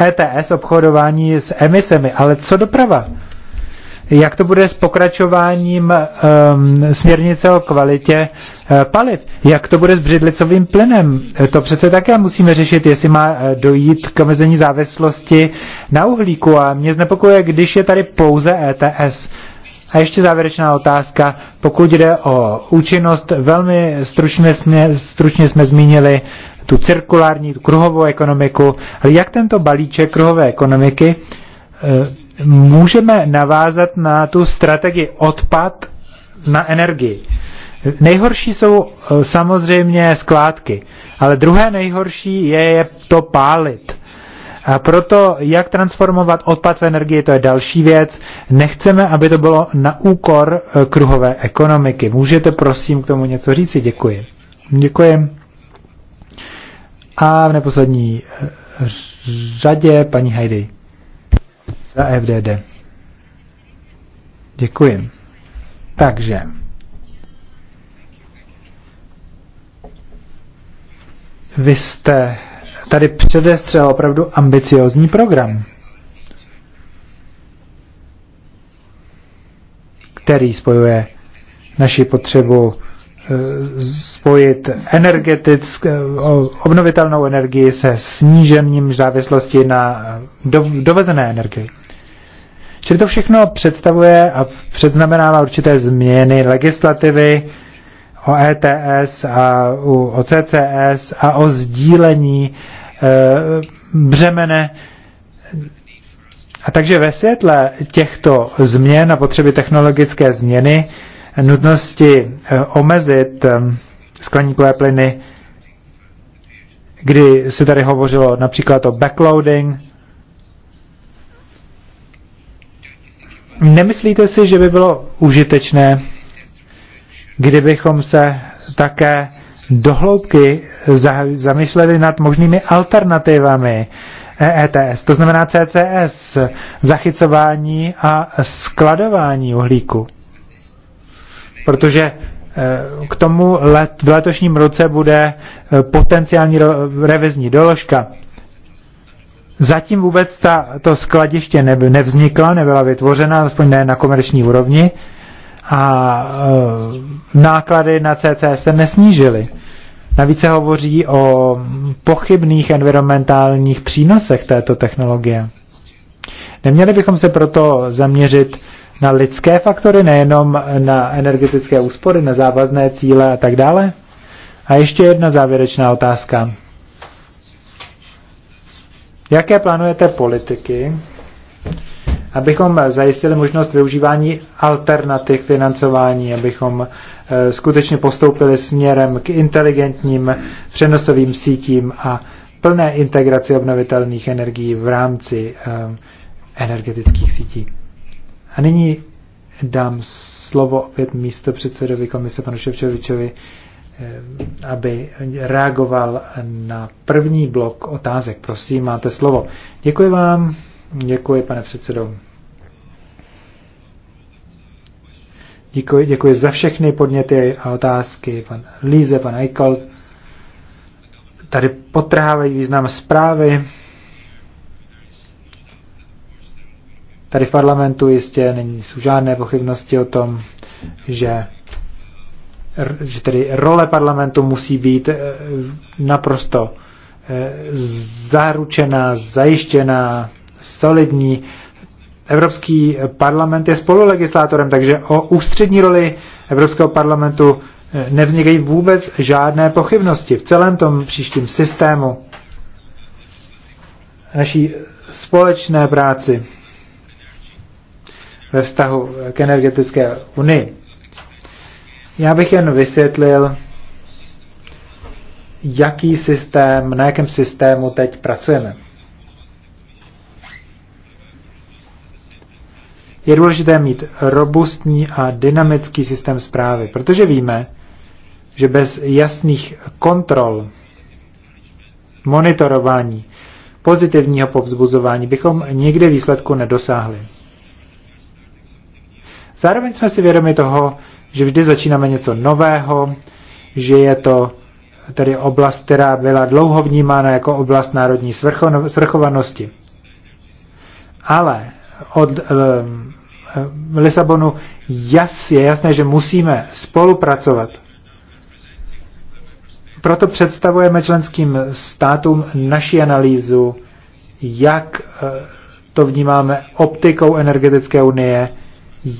ETS, eh, e obchodování s emisemi, ale co doprava? jak to bude s pokračováním um, směrnice o kvalitě uh, paliv, jak to bude s břidlicovým plynem. Eh, to přece také musíme řešit, jestli má eh, dojít k omezení závislosti na uhlíku a mě znepokojuje, když je tady pouze ETS. A ještě závěrečná otázka, pokud jde o účinnost, velmi stručně jsme, stručně jsme zmínili tu cirkulární, tu kruhovou ekonomiku, ale jak tento balíček kruhové ekonomiky uh, Eh, můžeme navázat na tu strategii odpad na energii. Nejhorší jsou eh, samozřejmě skládky, ale druhé nejhorší je, to pálit. A proto, jak transformovat odpad v energii, to je další věc. Nechceme, aby to bylo na úkor eh, kruhové ekonomiky. Můžete prosím k tomu něco říci? Děkuji. Děkuji. A v neposlední řadě paní Heidi za FDD. Děkuji. Takže. Vy jste tady předestřel opravdu ambiciozní program, který spojuje naši potřebu eh, spojit energetick, eh, obnovitelnou energii se snížením závislosti na eh, dovezené energii. Čili to všechno představuje a předznamenává určité změny legislativy o ETS a u, o CCS a o sdílení e, břemene. A takže ve světle těchto změn a potřeby technologické změny, nutnosti eh, omezit eh, skleníkové plyny, kdy se tady hovořilo například o backloading, Nemyslíte si, že by bylo užitečné, kdybychom se také dohloubky zamysleli nad možnými alternativami EETS, to znamená CCS, zachycování a skladování uhlíku. Protože eh, k tomu let, v letošním roce bude eh, potenciální revizní doložka Zatím vůbec ta, to skladiště ne, nevznikla, nebyla vytvořena, aspoň ne na komerční úrovni a e, náklady na CCS se nesnížily. Navíc se hovoří o pochybných environmentálních přínosech této technologie. Neměli bychom se proto zaměřit na lidské faktory, nejenom na energetické úspory, na závazné cíle a tak dále? A ještě jedna závěrečná otázka. Jaké plánujete politiky, abychom zajistili možnost využívání alternativ financování, abychom eh, skutečně postoupili směrem k inteligentním přenosovým sítím a plné integraci obnovitelných energií v rámci eh, energetických sítí. A nyní dám slovo opět místo předsedovi komise panu Ševčovičovi, Eh, aby reagoval na první blok otázek. Prosím, máte slovo. Děkuji vám. Děkuji, pane předsedo. Děkuji, děkuji za všechny podněty a otázky. Pan Líze, pan Eichel. Tady potrhávají význam zprávy. Tady v parlamentu jistě není, jsou žádné pochybnosti o tom, že že tedy role parlamentu musí být eh, naprosto eh, zaručená, zajištěná, solidní. Evropský parlament je spolulegislátorem, takže o ústřední roli Evropského parlamentu eh, nevznikají vůbec žádné pochybnosti v celém tom příštím systému naší společné práci ve vztahu k energetické unii. Já bych jen vysvětlil, jaký systém, na jakém systému teď pracujeme. Je důležité mít robustní a dynamický systém zprávy, protože víme, že bez jasných kontrol, monitorování, pozitivního povzbuzování bychom nikdy výsledku nedosáhli. Zároveň jsme si vědomi toho, že vždy začínáme něco nového, že je to tedy oblast, která byla dlouho vnímána jako oblast národní svrchovanosti. Ale od um, Lisabonu jas, je jasné, že musíme spolupracovat. Proto představujeme členským státům naši analýzu, jak eh, to vnímáme optikou energetické unie,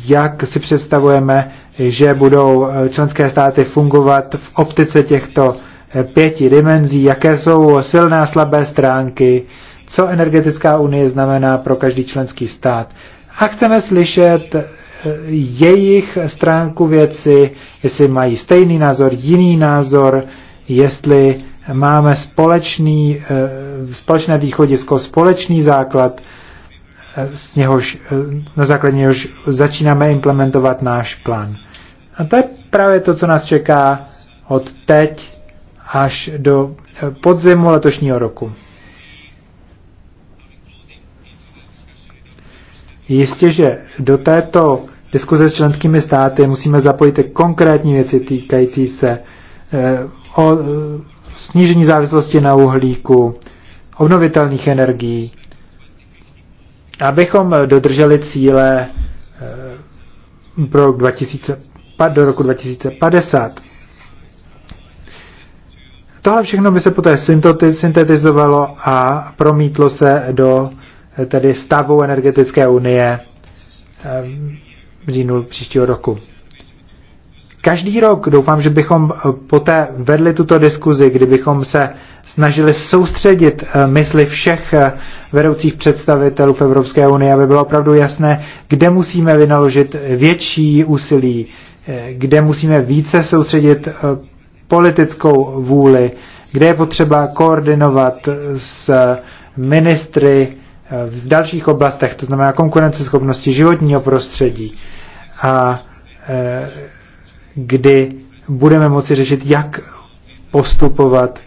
jak si představujeme, že budou eh, členské státy fungovat v optice těchto eh, pěti dimenzí, jaké jsou silné a slabé stránky, co energetická unie znamená pro každý členský stát. A chceme slyšet eh, jejich stránku věci, jestli mají stejný názor, jiný názor, jestli máme společný, společné východisko, společný základ, z něhož, na základě něhož začínáme implementovat náš plán. A to je právě to, co nás čeká od teď až do eh, podzimu letošního roku. Jistě, že do této diskuze s členskými státy musíme zapojit konkrétní věci týkající se eh, o eh, snížení závislosti na uhlíku, obnovitelných energií, abychom dodrželi cíle eh, pro rok 2000, do roku 2050. Tohle všechno by se poté syntetizovalo a promítlo se do eh, tedy stavu energetické unie eh, v říjnu příštího roku. Každý rok doufám, že bychom eh, poté vedli tuto diskuzi, kdybychom se snažili soustředit eh, mysli všech eh, vedoucích představitelů v Evropské unii, aby bylo opravdu jasné, kde musíme vynaložit větší úsilí, kde musíme více soustředit politickou vůli, kde je potřeba koordinovat s ministry v dalších oblastech, to znamená konkurenceschopnosti životního prostředí a kdy budeme moci řešit, jak postupovat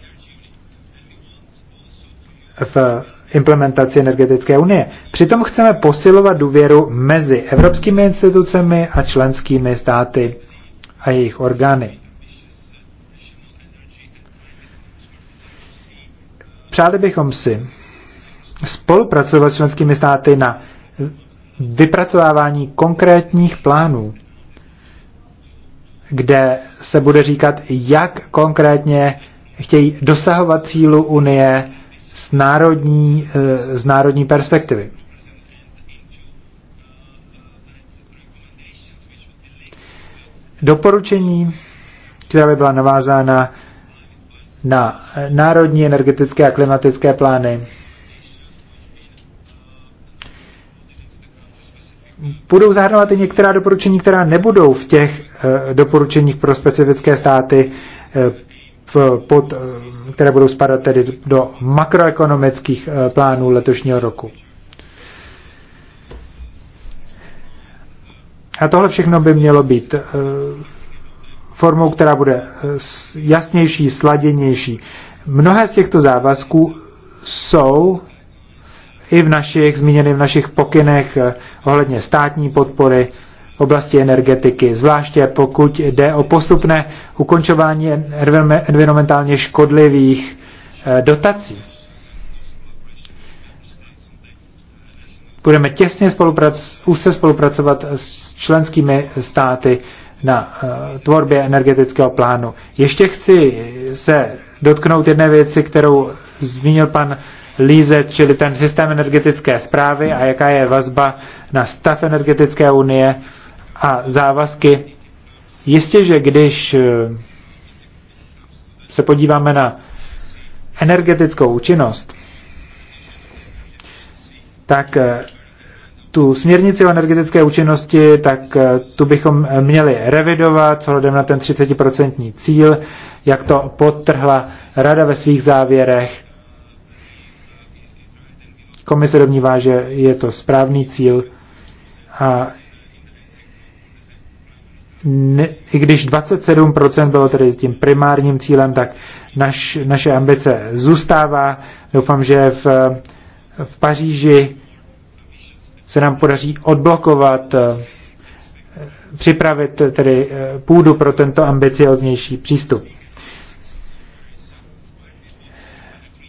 v implementaci energetické unie. Přitom chceme posilovat důvěru mezi evropskými institucemi a členskými státy a jejich orgány. Přáli bychom si spolupracovat s členskými státy na vypracovávání konkrétních plánů kde se bude říkat, jak konkrétně chtějí dosahovat cílu Unie z národní, eh, z národní perspektivy. Doporučení, která by byla navázána na národní energetické a klimatické plány, budou zahrnovat i některá doporučení, která nebudou v těch eh, doporučeních pro specifické státy, eh, v pod, eh, které budou spadat tedy do makroekonomických plánů letošního roku. A tohle všechno by mělo být formou, která bude jasnější, sladěnější. Mnohé z těchto závazků jsou i v našich, zmíněny v našich pokynech eh, ohledně státní podpory v oblasti energetiky, zvláště pokud jde o postupné ukončování environmentálně škodlivých eh, dotací. Budeme těsně spolupracovat, úzce spolupracovat s členskými státy na eh, tvorbě energetického plánu. Ještě chci se dotknout jedné věci, kterou zmínil pan LISE, čili ten systém energetické zprávy a jaká je vazba na stav energetické unie a závazky. Jistě, že když eh, se podíváme na energetickou účinnost, tak eh, tu směrnici o energetické účinnosti, tak eh, tu bychom měli revidovat vzhledem na ten 30% cíl, jak to podtrhla rada ve svých závěrech komise domnívá, že je to správný cíl a ne, i když 27% bylo tedy tím primárním cílem, tak naš, naše ambice zůstává. Doufám, že v, v Paříži se nám podaří odblokovat, eh, připravit tedy eh, půdu pro tento ambicioznější přístup.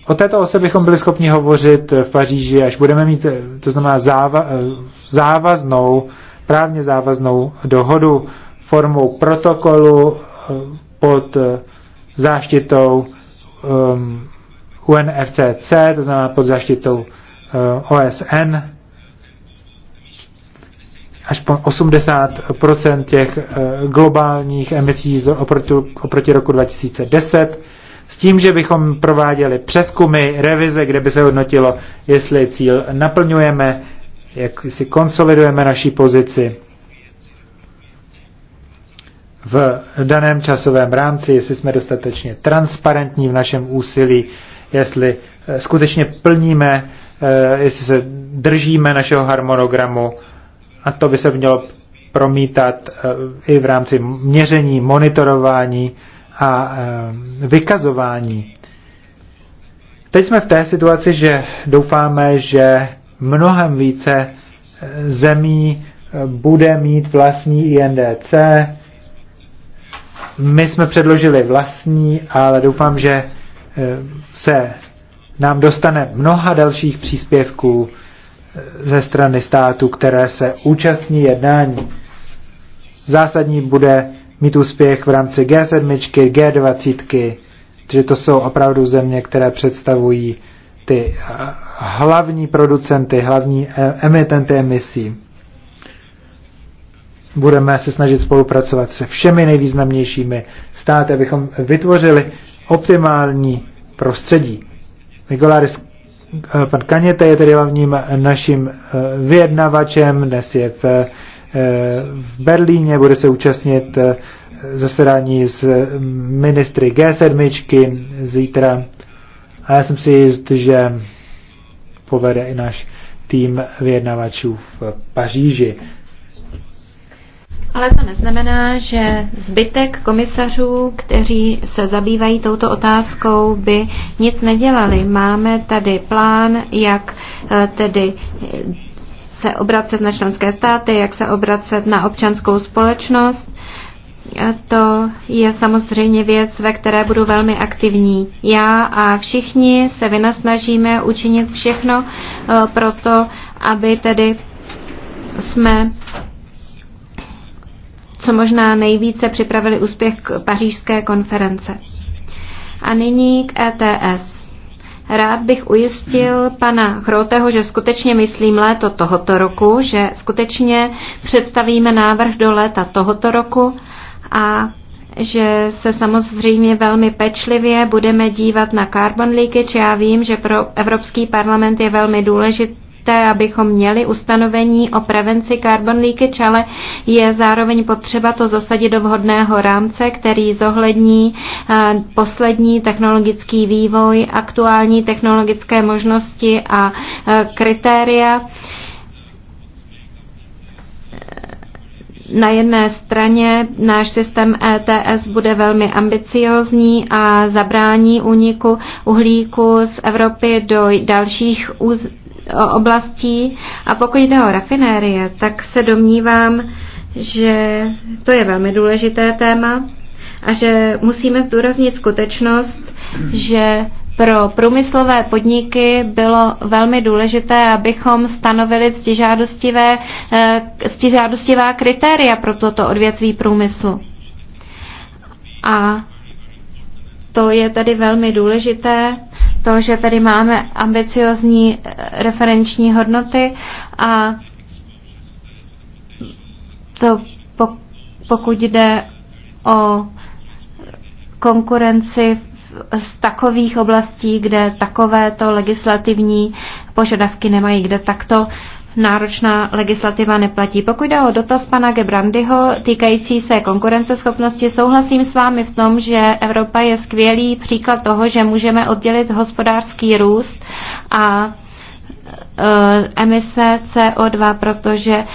O této ose bychom byli schopni hovořit eh, v Paříži, až budeme mít, eh, to znamená záva, eh, závaznou, právně závaznou dohodu formou protokolu pod záštitou um, UNFCC, to znamená pod záštitou uh, OSN. Až po 80% těch uh, globálních emisí z, oproti, oproti roku 2010 s tím, že bychom prováděli přeskumy, revize, kde by se hodnotilo, jestli cíl naplňujeme, jak si konsolidujeme naší pozici v daném časovém rámci, jestli jsme dostatečně transparentní v našem úsilí, jestli eh, skutečně plníme, eh, jestli se držíme našeho harmonogramu a to by se mělo promítat eh, i v rámci měření, monitorování a e, vykazování. Teď jsme v té situaci, že doufáme, že mnohem více e, zemí e, bude mít vlastní INDC. My jsme předložili vlastní, ale doufám, že se nám dostane mnoha dalších příspěvků ze strany státu, které se účastní jednání. Zásadní bude mít úspěch v rámci G7, G20, že to jsou opravdu země, které představují ty eh, hlavní producenty, hlavní eh, emitenty emisí. Budeme se snažit spolupracovat se všemi nejvýznamnějšími státy, abychom vytvořili optimální prostředí. Mikuláris, eh, pan Kaněte je tedy hlavním naším vyjednavačem, dnes je v v Berlíně, bude se účastnit eh, zasedání s eh, ministry G7 zítra. A já jsem si jist, že povede i náš tým vyjednavačů v Paříži. Ale to neznamená, že zbytek komisařů, kteří se zabývají touto otázkou, by nic nedělali. Máme tady plán, jak eh, tedy se obracet na členské státy, jak se obracet na občanskou společnost. To je samozřejmě věc, ve které budu velmi aktivní. Já a všichni se vynasnažíme učinit všechno e, pro to, aby tedy jsme co možná nejvíce připravili úspěch k pařížské konference. A nyní k ETS. Rád bych ujistil pana Chroteho, že skutečně myslím léto tohoto roku, že skutečně představíme návrh do léta tohoto roku a že se samozřejmě velmi pečlivě budeme dívat na carbon leakage. Já vím, že pro Evropský parlament je velmi důležitý důležité, abychom měli ustanovení o prevenci carbon leakage, ale je zároveň potřeba to zasadit do vhodného rámce, který zohlední eh, poslední technologický vývoj, aktuální technologické možnosti a eh, kritéria. Na jedné straně náš systém ETS bude velmi ambiciozní a zabrání úniku uhlíku z Evropy do dalších úz oblastí. A pokud jde o rafinérie, tak se domnívám, že to je velmi důležité téma a že musíme zdůraznit skutečnost, že pro průmyslové podniky bylo velmi důležité, abychom stanovili stižádostivá eh, kritéria pro toto odvětví průmyslu. A to je tedy velmi důležité to, že tady máme ambiciozní eh, referenční hodnoty a to pokud jde o konkurenci z takových oblastí, kde takovéto legislativní požadavky nemají, kde takto náročná legislativa neplatí. Pokud jde o dotaz pana Gebrandyho týkající se konkurenceschopnosti, souhlasím s vámi v tom, že Evropa je skvělý příklad toho, že můžeme oddělit hospodářský růst a e, emise CO2, protože e,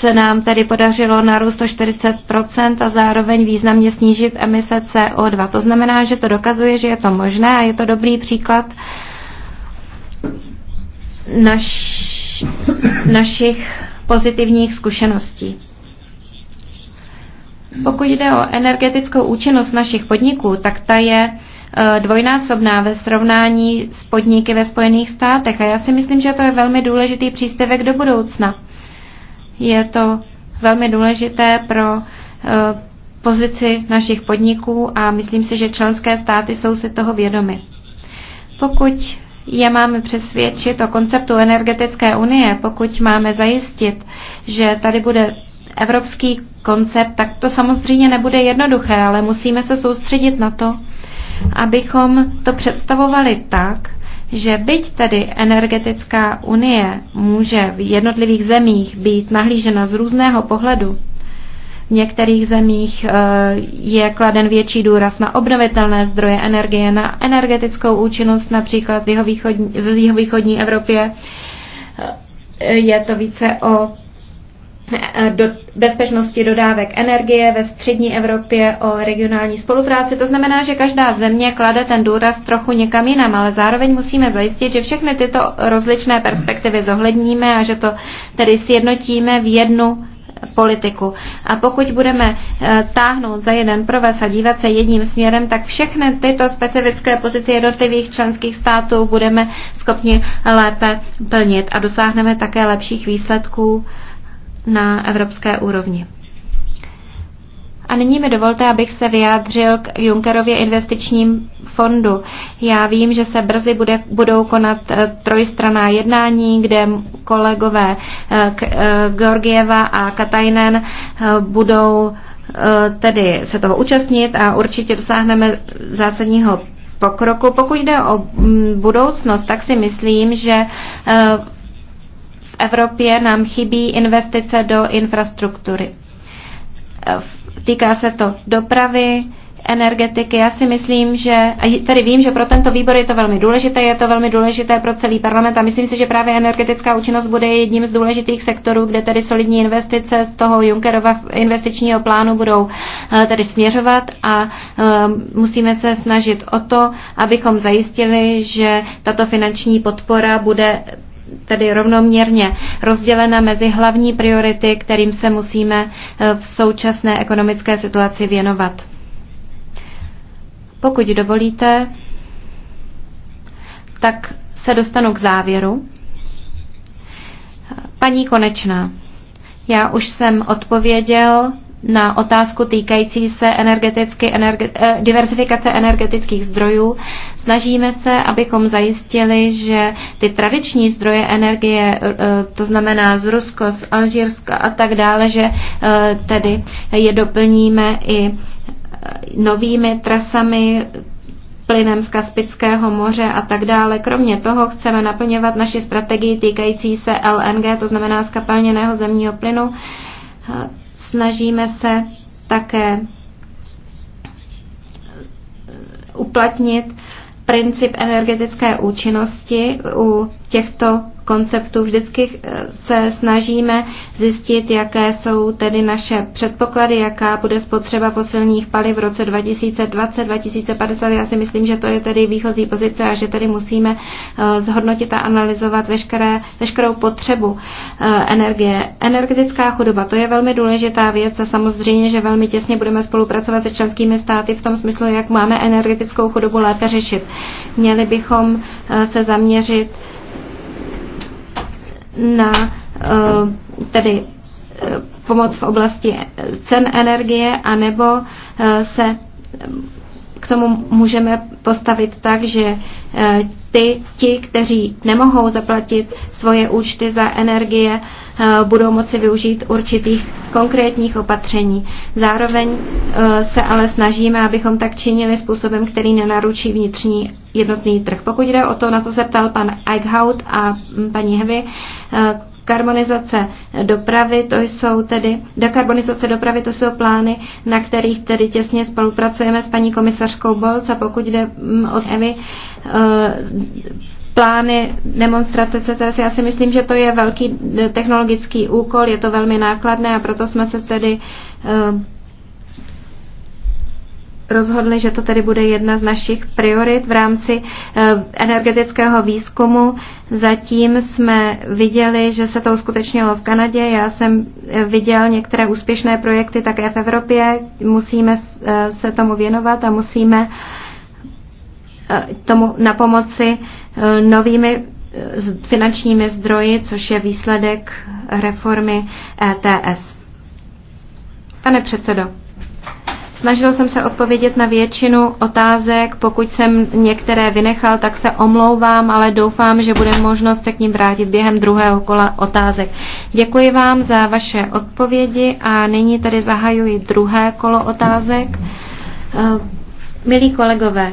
se nám tedy podařilo narůst o 40 a zároveň významně snížit emise CO2. To znamená, že to dokazuje, že je to možné a je to dobrý příklad naš, našich pozitivních zkušeností. Pokud jde o energetickou účinnost našich podniků, tak ta je e, dvojnásobná ve srovnání s podniky ve Spojených státech. A já si myslím, že to je velmi důležitý příspěvek do budoucna. Je to velmi důležité pro e, pozici našich podniků a myslím si, že členské státy jsou si toho vědomy. Pokud je máme přesvědčit o konceptu energetické unie, pokud máme zajistit, že tady bude evropský koncept, tak to samozřejmě nebude jednoduché, ale musíme se soustředit na to, abychom to představovali tak, že byť tedy energetická unie může v jednotlivých zemích být nahlížena z různého pohledu, některých zemích eh, je kladen větší důraz na obnovitelné zdroje energie, na energetickou účinnost například v jihovýchodní, v jihovýchodní Evropě. Eh, je to více o eh, do bezpečnosti dodávek energie ve střední Evropě o regionální spolupráci. To znamená, že každá země klade ten důraz trochu někam jinam, ale zároveň musíme zajistit, že všechny tyto rozličné perspektivy zohledníme a že to tedy sjednotíme v jednu politiku. A pokud budeme eh, táhnout za jeden provaz a dívat se jedním směrem, tak všechny tyto specifické pozice jednotlivých členských států budeme schopni lépe plnit a dosáhneme také lepších výsledků na evropské úrovni. A nyní mi dovolte, abych se vyjádřil k Junckerově investičním fondu. Já vím, že se brzy bude, budou konat eh, trojstraná jednání, kde kolegové eh, eh, Georgieva a Katajnen budou tedy se toho účastnit a určitě dosáhneme zásadního pokroku. Pokud jde o mm, budoucnost, tak si myslím, že v Evropě nám chybí investice do infrastruktury. V týká se to dopravy, energetiky. Já si myslím, že, a tady vím, že pro tento výbor je to velmi důležité, je to velmi důležité pro celý parlament a myslím si, že právě energetická účinnost bude jedním z důležitých sektorů, kde tady solidní investice z toho Junckerova investičního plánu budou eh, tady směřovat a eh, musíme se snažit o to, abychom zajistili, že tato finanční podpora bude tedy rovnoměrně rozdělena mezi hlavní priority, kterým se musíme eh, v současné ekonomické situaci věnovat. Pokud dovolíte, tak se dostanu k závěru. Paní Konečná, já už jsem odpověděl na otázku týkající se energetické energe, eh, diversifikace energetických zdrojů. Snažíme se, abychom zajistili, že ty tradiční zdroje energie, eh, to znamená z Rusko, z Alžírska a tak dále, že eh, tedy je doplníme i novými trasami plynem z Kaspického moře a tak dále. Kromě toho chceme naplňovat naši strategii týkající se LNG, to znamená skapalněného zemního plynu Snažíme se také eh, uplatnit princip energetické účinnosti u těchto konceptu. Vždycky eh, se snažíme zjistit, jaké jsou tedy naše předpoklady, jaká bude spotřeba fosilních paliv v roce 2020-2050. Já si myslím, že to je tedy výchozí pozice a že tedy musíme eh, zhodnotit a analyzovat veškeré, veškerou potřebu eh, energie. Energetická chudoba, to je velmi důležitá věc a samozřejmě, že velmi těsně budeme spolupracovat se členskými státy v tom smyslu, jak máme energetickou chudobu lépe řešit. Měli bychom se zaměřit na eh, tedy eh, pomoc v oblasti cen energie, anebo eh, se k tomu můžeme postavit tak, že eh, ty, ti, kteří nemohou zaplatit svoje účty za energie, eh, budou moci využít určitých konkrétních opatření. Zároveň eh, se ale snažíme, abychom tak činili způsobem, který nenaručí vnitřní jednotný trh. Pokud jde o to, na co se ptal pan Eichhout a mm, paní Hevy, dekarbonizace dopravy, to jsou tedy dekarbonizace dopravy, to jsou plány, na kterých tedy těsně spolupracujeme s paní komisařkou Bolc a pokud jde mm, o EMI, eh, plány demonstrace CCS. Já si myslím, že to je velký eh, technologický úkol, je to velmi nákladné a proto jsme se tedy eh, rozhodli, že to tedy bude jedna z našich priorit v rámci eh, energetického výzkumu. Zatím jsme viděli, že se to uskutečnilo v Kanadě. Já jsem eh, viděl některé úspěšné projekty také v Evropě. Musíme eh, se tomu věnovat a musíme tomu na pomoci novými finančními zdroji, což je výsledek reformy ETS. Pane předsedo, Snažil jsem se odpovědět na většinu otázek. Pokud jsem některé vynechal, tak se omlouvám, ale doufám, že bude možnost se k ním vrátit během druhého kola otázek. Děkuji vám za vaše odpovědi a nyní tady zahajuji druhé kolo otázek. Eh, milí kolegové,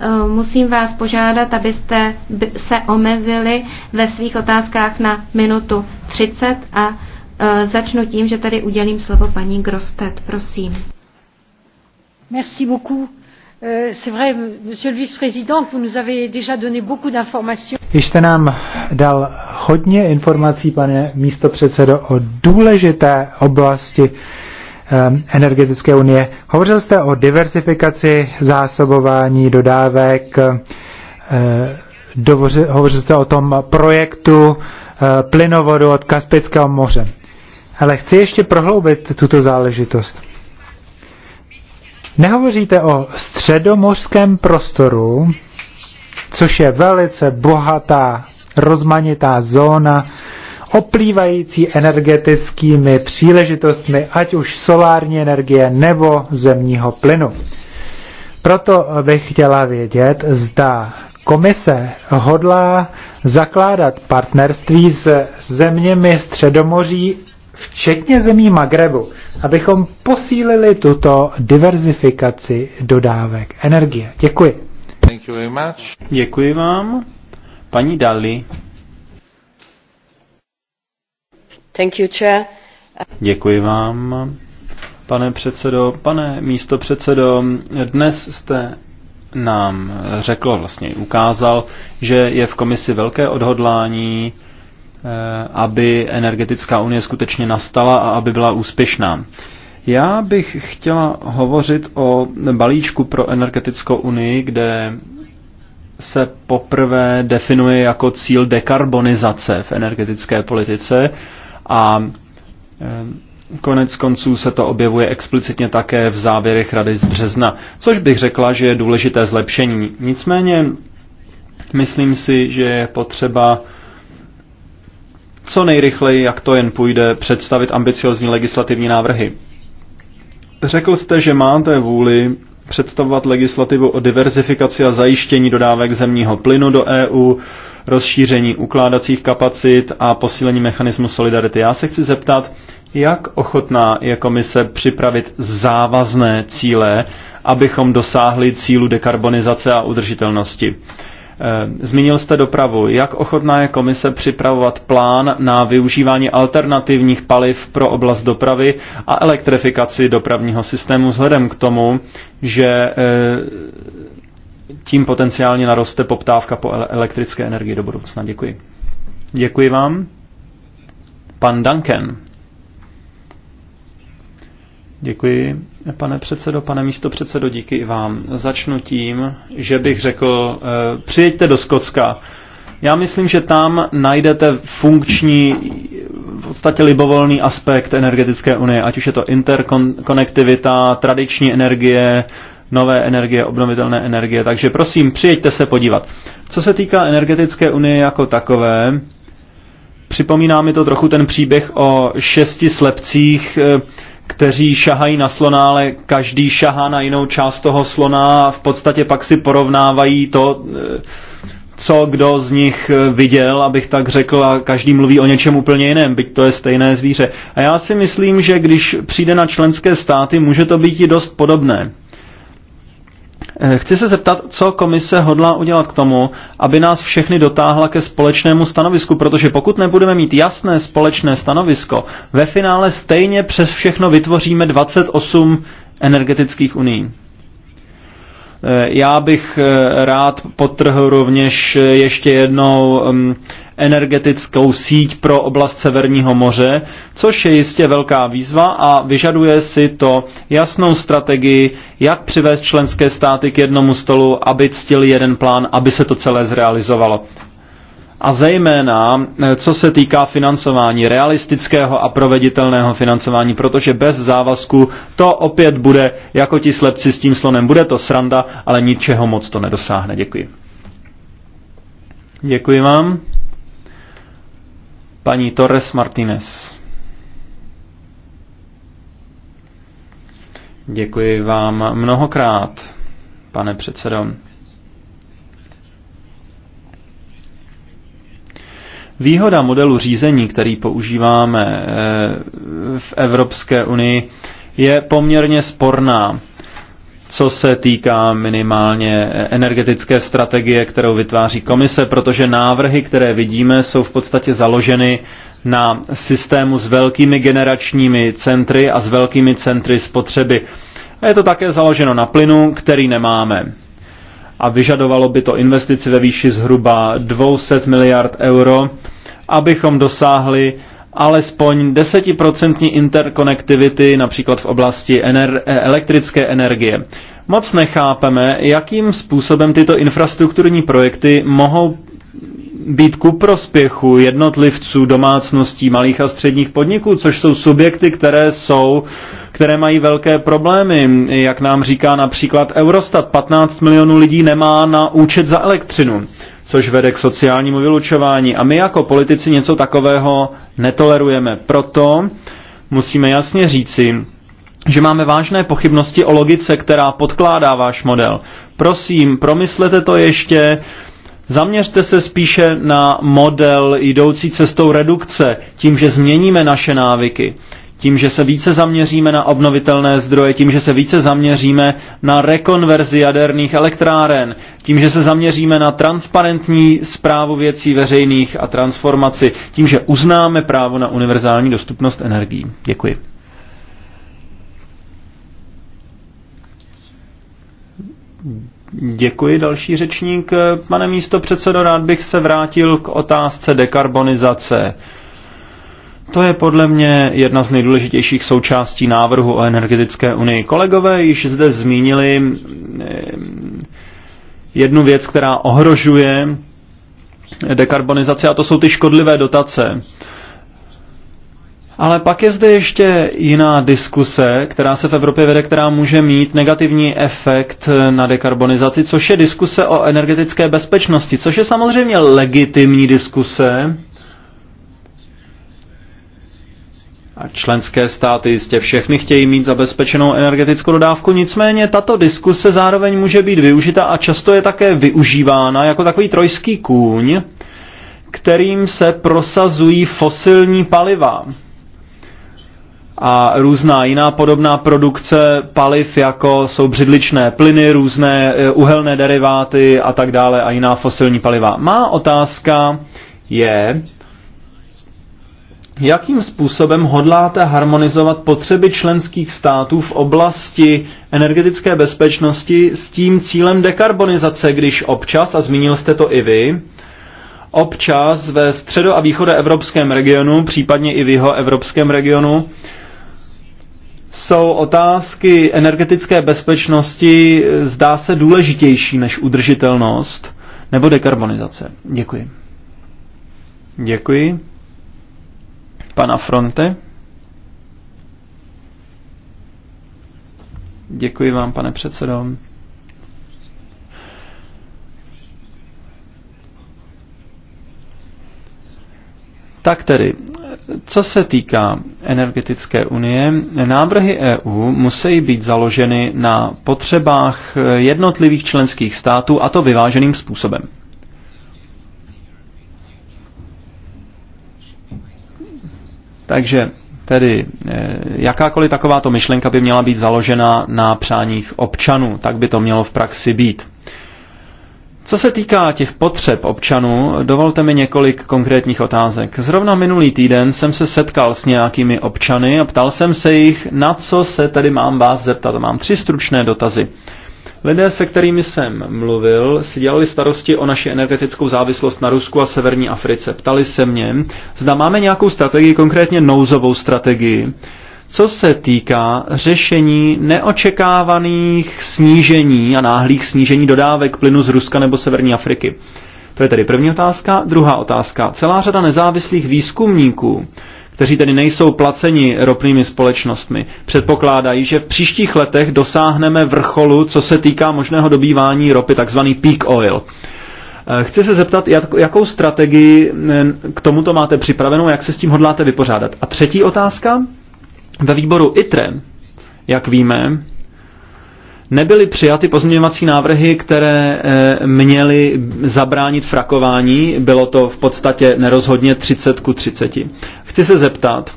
eh, musím vás požádat, abyste se omezili ve svých otázkách na minutu 30 a eh, začnu tím, že tady udělím slovo paní Grostet. Prosím. Euh, c'est vrai, monsieur le vice-président, que vous nous avez déjà donné beaucoup d'informations. Jste nám dal hodně informací, pane místopředsedo, o důležité oblasti ehm, energetické unie. Hovořil jste o diversifikaci zásobování dodávek, eh, dovoři, hovořil jste o tom projektu eh, plynovodu od Kaspického moře. Ale chci ještě prohloubit tuto záležitost. Nehovoříte o středomořském prostoru, což je velice bohatá, rozmanitá zóna, oplývající energetickými příležitostmi, ať už solární energie nebo zemního plynu. Proto bych chtěla vědět, zda komise hodlá zakládat partnerství s zeměmi Středomoří včetně zemí Magrebu, abychom posílili tuto diverzifikaci dodávek energie. Děkuji. Thank you very much. Děkuji vám. Paní Dali. Thank you, chair. Děkuji vám. Pane předsedo, pane místo předsedo, dnes jste nám řekl, vlastně ukázal, že je v komisi velké odhodlání Eh, aby energetická unie skutečně nastala a aby byla úspěšná. Já bych chtěla hovořit o balíčku pro energetickou unii, kde se poprvé definuje jako cíl dekarbonizace v energetické politice a eh, Konec konců se to objevuje explicitně také v závěrech Rady z března, což bych řekla, že je důležité zlepšení. Nicméně myslím si, že je potřeba co nejrychleji, jak to jen půjde, představit ambiciozní legislativní návrhy. Řekl jste, že máte vůli představovat legislativu o diverzifikaci a zajištění dodávek zemního plynu do EU, rozšíření ukládacích kapacit a posílení mechanismu solidarity. Já se chci zeptat, jak ochotná je komise připravit závazné cíle, abychom dosáhli cílu dekarbonizace a udržitelnosti? Eh, zmínil jste dopravu. Jak ochotná je komise připravovat plán na využívání alternativních paliv pro oblast dopravy a elektrifikaci dopravního systému vzhledem k tomu, že eh, tím potenciálně naroste poptávka po elektrické energii do budoucna? Děkuji. Děkuji vám. Pan Duncan. Děkuji. Pane předsedo, pane místo předsedo, díky i vám. Začnu tím, že bych řekl, eh, přijeďte do Skotska. Já myslím, že tam najdete funkční, v podstatě libovolný aspekt energetické unie, ať už je to interkonektivita, tradiční energie, nové energie, obnovitelné energie. Takže prosím, přijeďte se podívat. Co se týká energetické unie jako takové, připomíná mi to trochu ten příběh o šesti slepcích, eh, kteří šahají na slona, ale každý šahá na jinou část toho slona a v podstatě pak si porovnávají to, eh, co kdo z nich eh, viděl, abych tak řekl, a každý mluví o něčem úplně jiném, byť to je stejné zvíře. A já si myslím, že když přijde na členské státy, může to být i dost podobné. Eh, chci se zeptat, co komise hodlá udělat k tomu, aby nás všechny dotáhla ke společnému stanovisku, protože pokud nebudeme mít jasné společné stanovisko, ve finále stejně přes všechno vytvoříme 28 energetických uní. Eh, já bych eh, rád potrhl rovněž ještě jednou mm, energetickou síť pro oblast Severního moře, což je jistě velká výzva a vyžaduje si to jasnou strategii, jak přivést členské státy k jednomu stolu, aby ctili jeden plán, aby se to celé zrealizovalo. A zejména, eh, co se týká financování, realistického a proveditelného financování, protože bez závazku to opět bude jako ti slepci s tím slonem. Bude to sranda, ale ničeho moc to nedosáhne. Děkuji. Děkuji vám. Paní Torres Martinez. Děkuji vám mnohokrát, pane předsedo. Výhoda modelu řízení, který používáme eh, v Evropské unii, je poměrně sporná co se týká minimálně energetické strategie, kterou vytváří komise, protože návrhy, které vidíme, jsou v podstatě založeny na systému s velkými generačními centry a s velkými centry spotřeby. A je to také založeno na plynu, který nemáme. A vyžadovalo by to investici ve výši zhruba 200 miliard euro, abychom dosáhli alespoň desetiprocentní interkonektivity, například v oblasti ener- eh, elektrické energie. Moc nechápeme, jakým způsobem tyto infrastrukturní projekty mohou být ku prospěchu jednotlivců, domácností, malých a středních podniků, což jsou subjekty, které jsou, které mají velké problémy. Jak nám říká například Eurostat, 15 milionů lidí nemá na účet za elektřinu což vede k sociálnímu vylučování. A my jako politici něco takového netolerujeme. Proto musíme jasně říci, že máme vážné pochybnosti o logice, která podkládá váš model. Prosím, promyslete to ještě, Zaměřte se spíše na model jdoucí cestou redukce, tím, že změníme naše návyky tím, že se více zaměříme na obnovitelné zdroje, tím, že se více zaměříme na rekonverzi jaderných elektráren, tím, že se zaměříme na transparentní zprávu věcí veřejných a transformaci, tím, že uznáme právo na univerzální dostupnost energií. Děkuji. Děkuji, další řečník. Pane místo předsedo, rád bych se vrátil k otázce dekarbonizace. To je podle mě jedna z nejdůležitějších součástí návrhu o energetické unii. Kolegové již zde zmínili mm, jednu věc, která ohrožuje dekarbonizaci, a to jsou ty škodlivé dotace. Ale pak je zde ještě jiná diskuse, která se v Evropě vede, která může mít negativní efekt na dekarbonizaci, což je diskuse o energetické bezpečnosti, což je samozřejmě legitimní diskuse, A členské státy jistě všechny chtějí mít zabezpečenou energetickou dodávku, nicméně tato diskuse zároveň může být využita a často je také využívána jako takový trojský kůň, kterým se prosazují fosilní paliva a různá jiná podobná produkce paliv, jako jsou břidličné plyny, různé e, uhelné deriváty a tak dále a jiná fosilní paliva. Má otázka je, Jakým způsobem hodláte harmonizovat potřeby členských států v oblasti energetické bezpečnosti s tím cílem dekarbonizace, když občas, a zmínil jste to i vy, občas ve středo- a východoevropském regionu, případně i v jeho evropském regionu, jsou otázky energetické bezpečnosti zdá se důležitější než udržitelnost nebo dekarbonizace. Děkuji. Děkuji pana Fronte. Děkuji vám, pane předsedo. Tak tedy, co se týká energetické unie, návrhy EU musí být založeny na potřebách jednotlivých členských států a to vyváženým způsobem. Takže tedy eh, jakákoliv takováto myšlenka by měla být založena na přáních občanů, tak by to mělo v praxi být. Co se týká těch potřeb občanů, dovolte mi několik konkrétních otázek. Zrovna minulý týden jsem se setkal s nějakými občany a ptal jsem se jich, na co se tedy mám vás zeptat. Mám tři stručné dotazy. Lidé, se kterými jsem mluvil, si dělali starosti o naši energetickou závislost na Rusku a Severní Africe. Ptali se mě, zda máme nějakou strategii, konkrétně nouzovou strategii, co se týká řešení neočekávaných snížení a náhlých snížení dodávek plynu z Ruska nebo Severní Afriky. To je tedy první otázka. Druhá otázka. Celá řada nezávislých výzkumníků kteří tedy nejsou placeni ropnými společnostmi, předpokládají, že v příštích letech dosáhneme vrcholu, co se týká možného dobývání ropy, takzvaný peak oil. Eh, chci se zeptat, jakou strategii eh, k tomuto máte připravenou, jak se s tím hodláte vypořádat. A třetí otázka. Ve výboru ITRE, jak víme, nebyly přijaty pozměňovací návrhy, které eh, měly zabránit frakování. Bylo to v podstatě nerozhodně 30 ku 30. Chci se zeptat,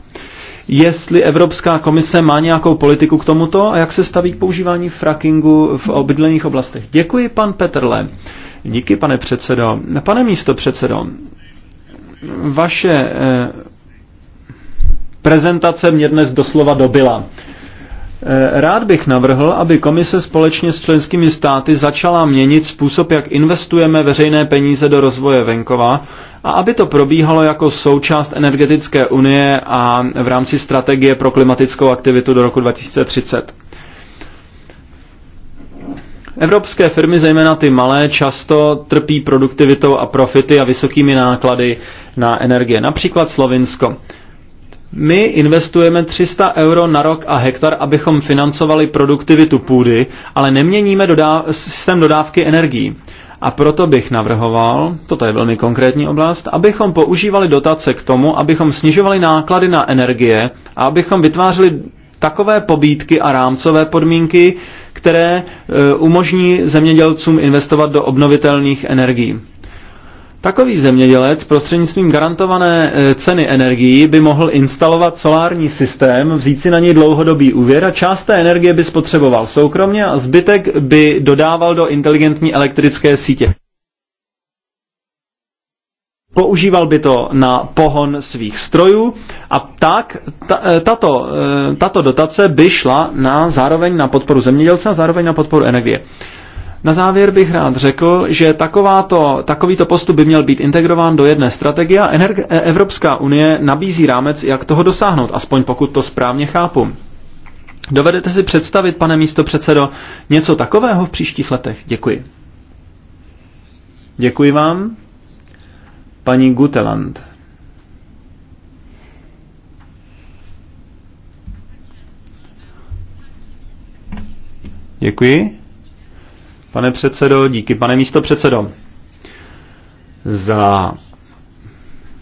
jestli Evropská komise má nějakou politiku k tomuto a jak se staví k používání frackingu v obydlených oblastech. Děkuji, pan Petrle. Díky, pane předsedo. Pane místo předsedo, vaše eh, prezentace mě dnes doslova dobila. Eh, rád bych navrhl, aby komise společně s členskými státy začala měnit způsob, jak investujeme veřejné peníze do rozvoje venkova a aby to probíhalo jako součást energetické unie a v rámci strategie pro klimatickou aktivitu do roku 2030. Evropské firmy, zejména ty malé, často trpí produktivitou a profity a vysokými náklady na energie, například Slovinsko. My investujeme 300 euro na rok a hektar, abychom financovali produktivitu půdy, ale neměníme dodáv- systém dodávky energií. A proto bych navrhoval, toto je velmi konkrétní oblast, abychom používali dotace k tomu, abychom snižovali náklady na energie a abychom vytvářeli takové pobídky a rámcové podmínky, které e, umožní zemědělcům investovat do obnovitelných energií. Takový zemědělec prostřednictvím garantované e, ceny energií by mohl instalovat solární systém, vzít si na něj dlouhodobý úvěr a část té energie by spotřeboval soukromně a zbytek by dodával do inteligentní elektrické sítě. Používal by to na pohon svých strojů a tak e, tato, e, tato dotace by šla na zároveň na podporu zemědělce a zároveň na podporu energie. Na závěr bych rád řekl, že takováto, takovýto postup by měl být integrován do jedné strategie a e, Evropská unie nabízí rámec, jak toho dosáhnout, aspoň pokud to správně chápu. Dovedete si představit, pane místo předsedo, něco takového v příštích letech? Děkuji. Děkuji vám. Paní Guteland. Děkuji. Pane předsedo, díky pane místo předsedo za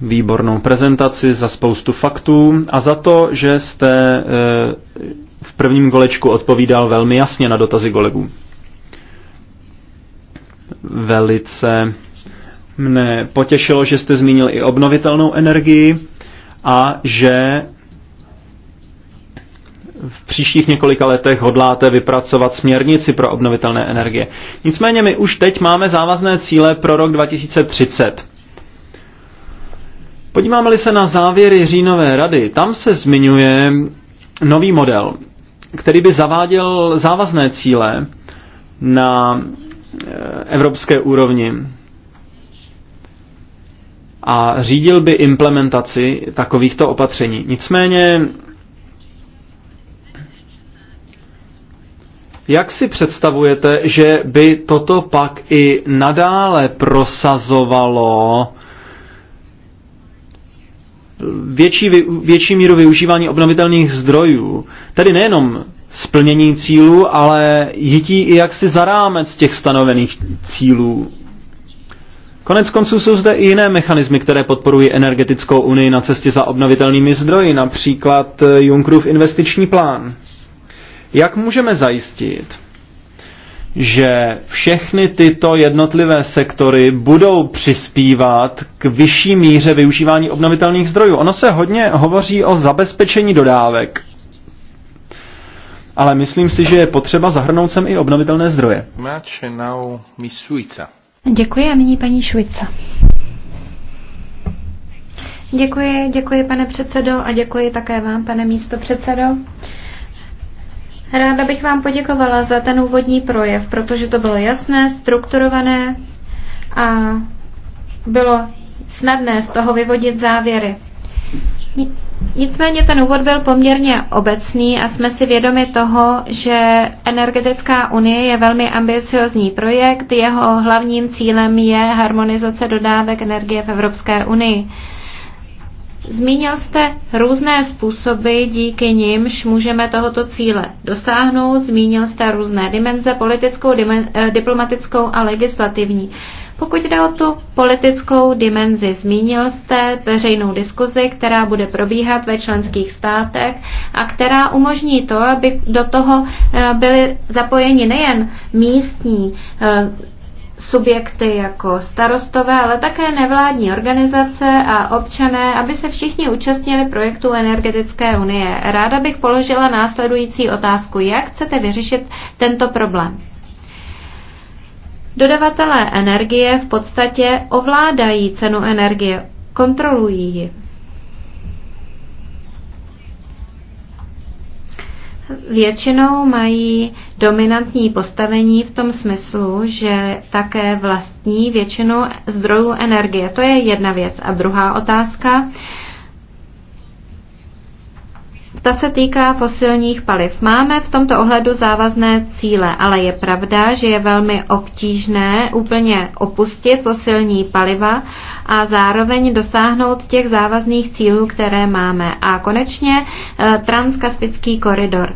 výbornou prezentaci, za spoustu faktů a za to, že jste eh, v prvním golečku odpovídal velmi jasně na dotazy kolegů. Velice mne potěšilo, že jste zmínil i obnovitelnou energii a že v příštích několika letech hodláte vypracovat směrnici pro obnovitelné energie. Nicméně my už teď máme závazné cíle pro rok 2030. Podíváme-li se na závěry říjnové rady, tam se zmiňuje nový model, který by zaváděl závazné cíle na eh, evropské úrovni a řídil by implementaci takovýchto opatření. Nicméně Jak si představujete, že by toto pak i nadále prosazovalo větší, větší míru využívání obnovitelných zdrojů? Tedy nejenom splnění cílů, ale jítí i jaksi za rámec těch stanovených cílů. Konec konců jsou zde i jiné mechanismy, které podporují energetickou unii na cestě za obnovitelnými zdroji, například eh, Junckerův investiční plán. Jak můžeme zajistit, že všechny tyto jednotlivé sektory budou přispívat k vyšší míře využívání obnovitelných zdrojů. Ono se hodně hovoří o zabezpečení dodávek, ale myslím si, že je potřeba zahrnout sem i obnovitelné zdroje. Děkuji a nyní paní Švica. Děkuji, děkuji pane předsedo a děkuji také vám, pane místo předsedo. Ráda bych vám poděkovala za ten úvodní projev, protože to bylo jasné, strukturované a bylo snadné z toho vyvodit závěry. Nicméně ten úvod byl poměrně obecný a jsme si vědomi toho, že energetická unie je velmi ambiciozní projekt. Jeho hlavním cílem je harmonizace dodávek energie v Evropské unii. Zmínil jste různé způsoby, díky nimž můžeme tohoto cíle dosáhnout. Zmínil jste různé dimenze, politickou, dimen, eh, diplomatickou a legislativní. Pokud jde o tu politickou dimenzi, zmínil jste veřejnou diskuzi, která bude probíhat ve členských státech a která umožní to, aby do toho eh, byly zapojeni nejen místní eh, subjekty jako starostové, ale také nevládní organizace a občané, aby se všichni účastnili projektu Energetické unie. Ráda bych položila následující otázku. Jak chcete vyřešit tento problém? Dodavatelé energie v podstatě ovládají cenu energie, kontrolují ji. většinou mají dominantní postavení v tom smyslu, že také vlastní většinu zdrojů energie. To je jedna věc. A druhá otázka ta se týká fosilních paliv. Máme v tomto ohledu závazné cíle, ale je pravda, že je velmi obtížné úplně opustit fosilní paliva a zároveň dosáhnout těch závazných cílů, které máme. A konečně eh, transkaspický koridor.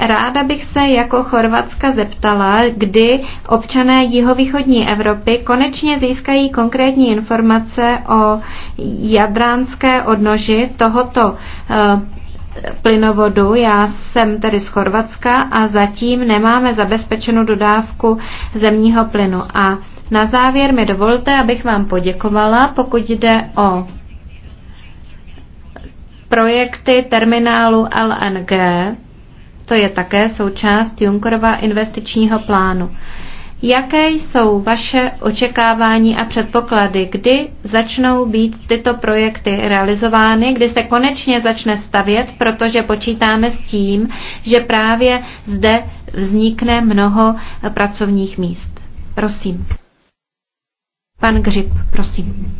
Ráda bych se jako Chorvatska zeptala, kdy občané jihovýchodní Evropy konečně získají konkrétní informace o jadránské odnoži tohoto eh, plynovodu. Já jsem tedy z Chorvatska a zatím nemáme zabezpečenou dodávku zemního plynu. A na závěr mi dovolte, abych vám poděkovala, pokud jde o projekty terminálu LNG. To je také součást Junkerova investičního plánu. Jaké jsou vaše očekávání a předpoklady, kdy začnou být tyto projekty realizovány, kdy se konečně začne stavět, protože počítáme s tím, že právě zde vznikne mnoho pracovních míst. Prosím. Pan Grip, prosím.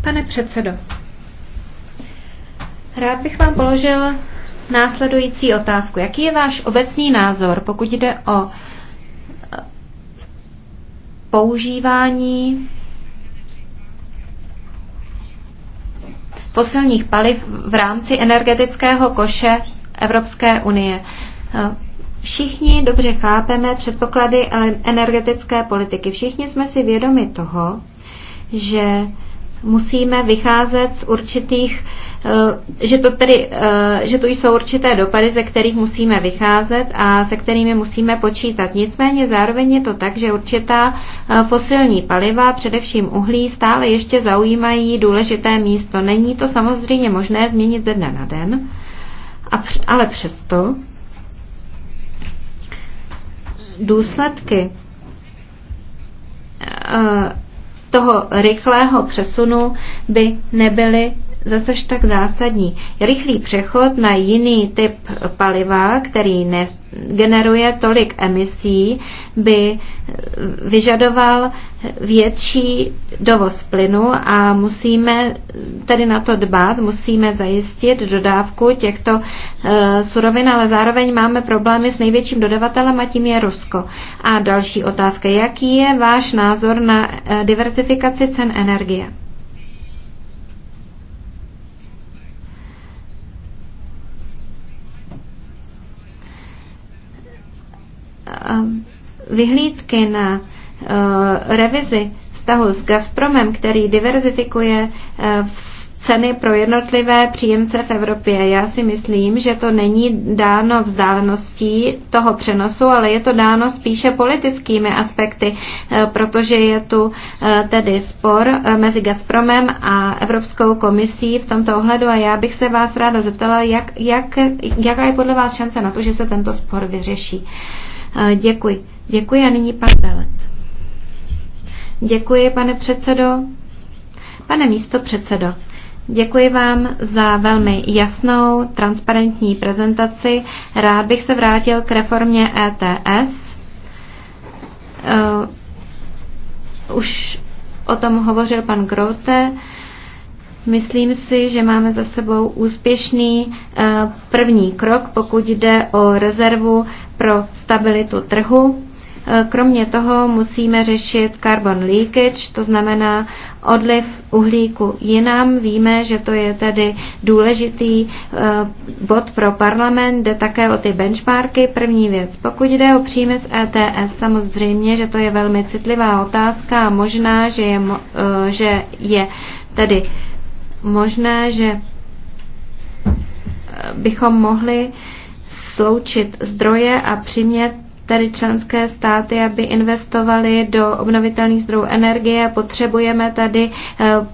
Pane předsedo, Rád bych vám položil následující otázku. Jaký je váš obecný názor, pokud jde o eh, používání fosilních paliv v rámci energetického koše Evropské unie? Eh, všichni dobře chápeme předpoklady eh, energetické politiky. Všichni jsme si vědomi toho, že musíme vycházet z určitých, eh, že to tedy, eh, že tu jsou určité dopady, ze kterých musíme vycházet a se kterými musíme počítat. Nicméně zároveň je to tak, že určitá eh, fosilní paliva, především uhlí, stále ještě zaujímají důležité místo. Není to samozřejmě možné změnit ze dne na den, ale přesto důsledky toho rychlého přesunu by nebyly zase tak zásadní. Rychlý přechod na jiný typ paliva, který ne, generuje tolik emisí, by vyžadoval větší dovoz plynu a musíme tedy na to dbát, musíme zajistit dodávku těchto uh, surovin, ale zároveň máme problémy s největším dodavatelem a tím je Rusko. A další otázka, jaký je váš názor na uh, diversifikaci cen energie? vyhlídky na eh, revizi vztahu s Gazpromem, který diverzifikuje eh, ceny pro jednotlivé příjemce v Evropě. Já si myslím, že to není dáno vzdáleností toho přenosu, ale je to dáno spíše politickými aspekty, eh, protože je tu tedy spor mezi Gazpromem a Evropskou komisí v tomto ohledu a já bych se vás ráda zeptala, jak, jak, jaká je podle vás šance na to, že se tento spor vyřeší. Uh, Děkuji. Děkuji a nyní pan Belet. Děkuji, pane předsedo. Pane místo předsedo, děkuji vám za velmi jasnou, transparentní prezentaci. Rád bych se vrátil k reformě ETS. Eh, už o tom hovořil pan Grote. Myslím si, že máme za sebou úspěšný eh, první krok, pokud jde o rezervu pro stabilitu trhu. Eh, kromě toho musíme řešit carbon leakage, to znamená odliv uhlíku jinam. Víme, že to je tedy důležitý eh, bod pro parlament, jde také o ty benchmarky. První věc, pokud jde o příjmy z ETS, samozřejmě, že to je velmi citlivá otázka a možná, že je, že je tedy možné, že eh, bychom mohli sloučit zdroje a přimět tedy členské státy, aby investovali do obnovitelných zdrojů energie. Potřebujeme tady eh,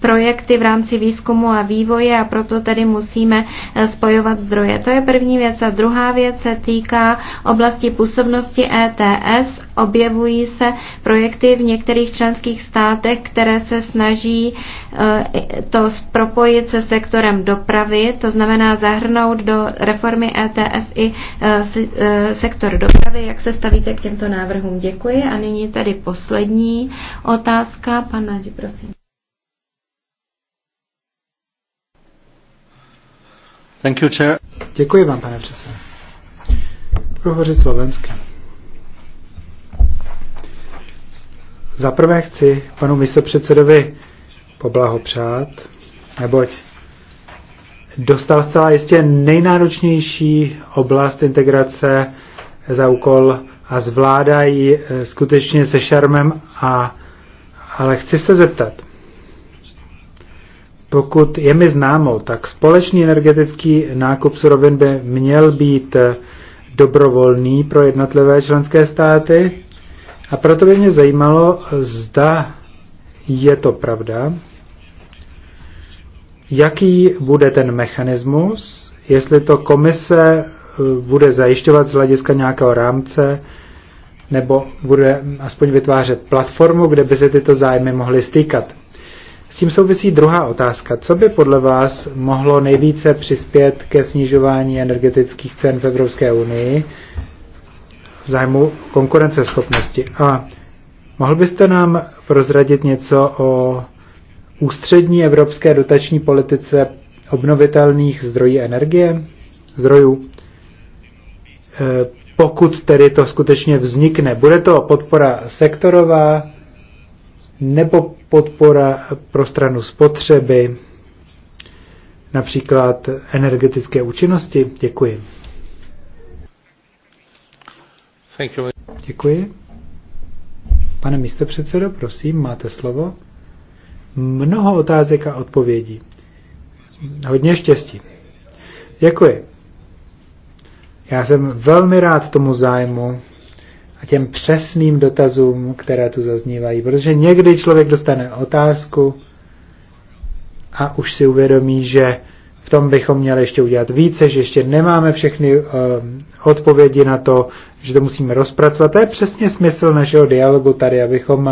projekty v rámci výzkumu a vývoje a proto tedy musíme eh, spojovat zdroje. To je první věc. A druhá věc se týká oblasti působnosti ETS. Objevují se projekty v některých členských státech, které se snaží eh, to propojit se sektorem dopravy, to znamená zahrnout do reformy ETS i eh, sektor dopravy. Jak se stavíte k těmto návrhům? Děkuji. A nyní tady poslední otázka. Pana, prosím. Thank you, chair. Děkuji vám, pane předsedo. Budu slovenské. Za prvé chci panu místopředsedovi poblahopřát, neboť dostal zcela jistě nejnáročnější oblast integrace za úkol a zvládají eh, skutečně se šarmem, a, ale chci se zeptat. Pokud je mi známo, tak společný energetický nákup surovin by měl být eh, dobrovolný pro jednotlivé členské státy a proto by mě zajímalo, zda je to pravda, jaký bude ten mechanismus, jestli to komise eh, bude zajišťovat z hlediska nějakého rámce, nebo bude aspoň vytvářet platformu, kde by se tyto zájmy mohly stýkat. S tím souvisí druhá otázka. Co by podle vás mohlo nejvíce přispět ke snižování energetických cen v Evropské unii v zájmu konkurenceschopnosti? A mohl byste nám prozradit něco o ústřední evropské dotační politice obnovitelných zdrojů energie? Zdrojů? E, pokud tedy to skutečně vznikne, bude to podpora sektorová nebo podpora pro stranu spotřeby, například energetické účinnosti. Děkuji. Thank you. Děkuji. Pane předsedo, prosím, máte slovo. Mnoho otázek a odpovědí. Hodně štěstí. Děkuji. Já jsem velmi rád tomu zájmu, a těm přesným dotazům, které tu zaznívají. Protože někdy člověk dostane otázku a už si uvědomí, že v tom bychom měli ještě udělat více, že ještě nemáme všechny uh, odpovědi na to, že to musíme rozpracovat. To je přesně smysl našeho dialogu tady, abychom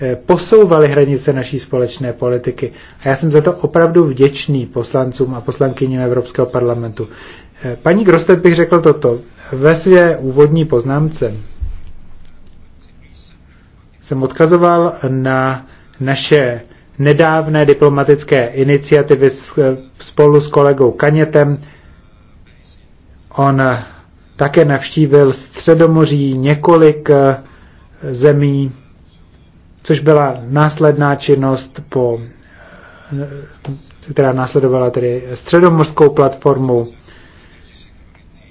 eh, posouvali hranice naší společné politiky. A já jsem za to opravdu vděčný poslancům a poslankyním Evropského parlamentu. Eh, paní Grostet bych řekl toto. Ve své úvodní poznámce jsem odkazoval na naše nedávné diplomatické iniciativy spolu s kolegou Kanětem. On také navštívil Středomoří několik eh, zemí, což byla následná činnost po která eh, následovala tedy středomorskou platformu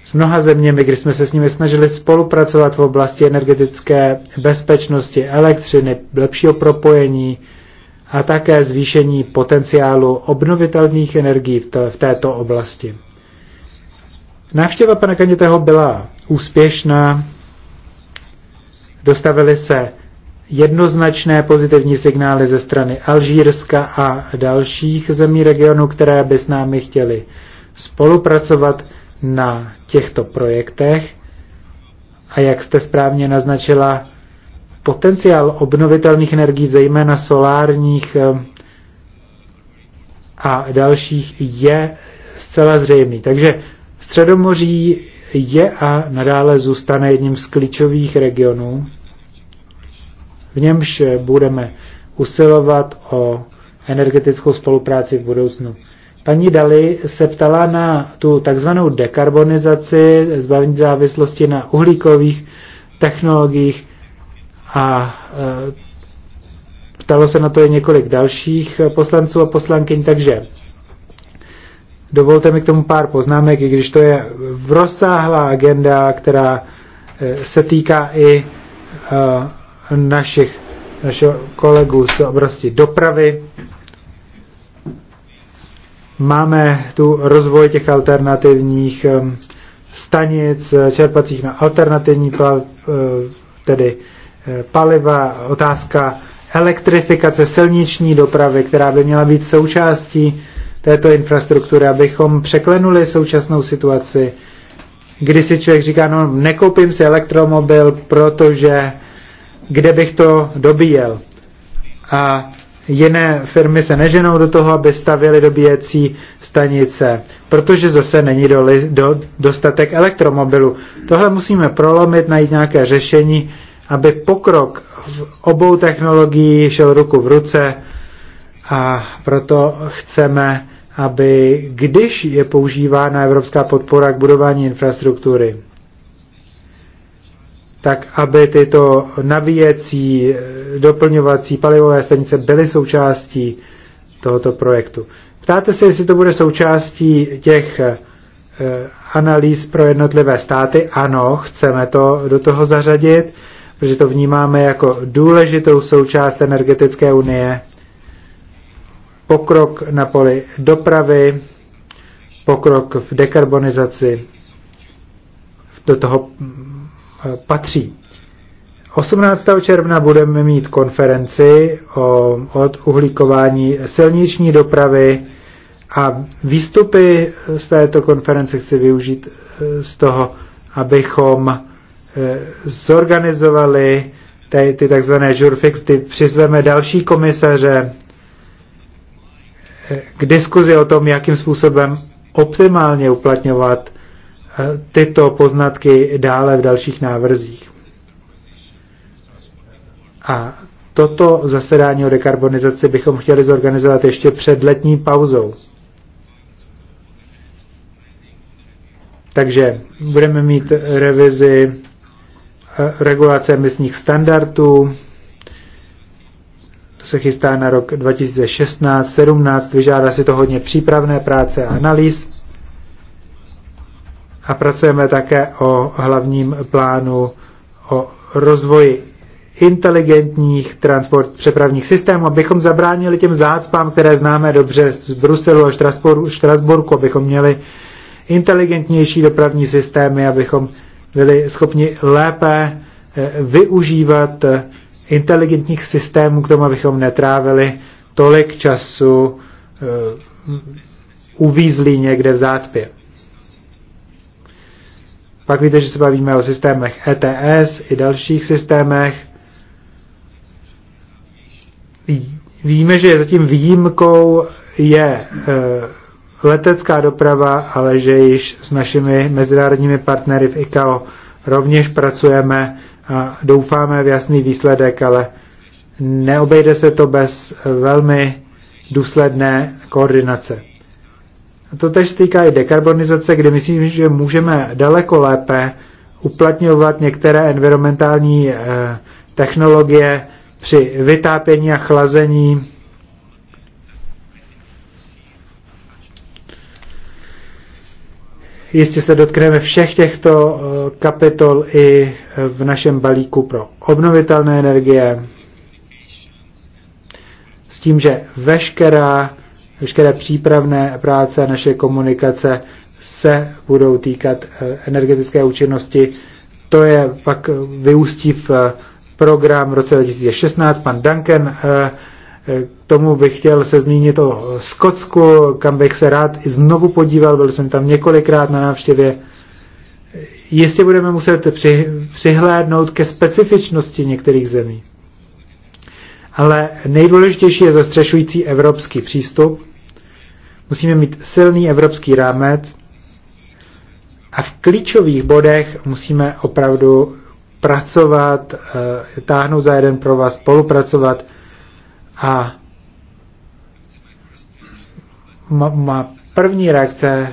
s mnoha zeměmi, kdy jsme se s nimi snažili spolupracovat v oblasti energetické bezpečnosti, elektřiny, lepšího propojení a také zvýšení potenciálu obnovitelných energií v této oblasti. Návštěva pana Kanitého byla úspěšná, Dostavili se jednoznačné pozitivní signály ze strany Alžírska a dalších zemí regionu, které by s námi chtěli spolupracovat na těchto projektech a jak jste správně naznačila, potenciál obnovitelných energií, zejména solárních eh, a dalších, je zcela zřejmý. Takže Středomoří je a nadále zůstane jedním z klíčových regionů. V němž budeme usilovat o energetickou spolupráci v budoucnu. Paní Dali se ptala na tu takzvanou dekarbonizaci, zbavení závislosti na uhlíkových technologiích a e, ptalo se na to i několik dalších poslanců a poslankyň, takže dovolte mi k tomu pár poznámek, i když to je rozsáhlá agenda, která e, se týká i e, našich, našich kolegů z oblasti dopravy. Máme tu rozvoj těch alternativních stanic, eh, čerpacích na alternativní eh, tedy eh, paliva, otázka elektrifikace silniční dopravy, která by měla být součástí této infrastruktury, abychom překlenuli současnou situaci, kdy si člověk říká, no nekoupím si elektromobil, protože kde bych to dobíjel. A jiné firmy se neženou do toho, aby stavěly dobíjecí stanice, protože zase není do, do, dostatek elektromobilů. Tohle musíme prolomit, najít nějaké řešení, aby pokrok v obou technologií šel ruku v ruce a proto chceme, aby když je používána evropská podpora k budování infrastruktury, tak aby tyto nabíjecí, eh, doplňovací palivové stanice byly součástí tohoto projektu. Ptáte se, jestli to bude součástí těch eh, analýz pro jednotlivé státy. Ano, chceme to do toho zařadit, protože to vnímáme jako důležitou součást energetické unie. Pokrok na poli dopravy, pokrok v dekarbonizaci, do toho Eh, patří. 18. června budeme mít konferenci o oduhlíkování silniční dopravy a výstupy z této konference chci využít eh, z toho, abychom eh, zorganizovali ty, ty takzvané žurfix, ty přizveme další komisaře k diskuzi o tom, jakým způsobem optimálně uplatňovat tyto poznatky dále v dalších návrzích. A toto zasedání o dekarbonizaci bychom chtěli zorganizovat ještě před letní pauzou. Takže budeme mít revizi eh, regulace emisních standardů, to se chystá na rok 2016-17, vyžádá si to hodně přípravné práce a analýz a pracujeme také o hlavním plánu o rozvoji inteligentních transport přepravních systémů, abychom zabránili těm zácpám, které známe dobře z Bruselu a Štrasburku, abychom měli inteligentnější dopravní systémy, abychom byli schopni lépe eh, využívat eh, inteligentních systémů k tomu, abychom netrávili tolik času eh, uvízlí někde v zácpě. Pak víte, že se bavíme o systémech ETS i dalších systémech. Víme, že zatím výjimkou je eh, letecká doprava, ale že již s našimi mezinárodními partnery v ICAO rovněž pracujeme a doufáme v jasný výsledek, ale neobejde se to bez velmi důsledné koordinace. To tež týká i dekarbonizace, kde myslím, že můžeme daleko lépe uplatňovat některé environmentální eh, technologie při vytápění a chlazení Jistě se dotkneme všech těchto eh, kapitol i eh, v našem balíku pro obnovitelné energie, s tím, že veškerá veškeré přípravné práce a naše komunikace se budou týkat eh, energetické účinnosti. To je pak vyústí v eh, program v roce 2016. Pan Duncan, eh, k tomu bych chtěl se zmínit o Skotsku, kam bych se rád i znovu podíval, byl jsem tam několikrát na návštěvě. Jistě budeme muset při, přihlédnout ke specifičnosti některých zemí. Ale nejdůležitější je zastřešující evropský přístup, Musíme mít silný evropský rámec a v klíčových bodech musíme opravdu pracovat, eh, táhnout za jeden pro vás, spolupracovat a má první reakce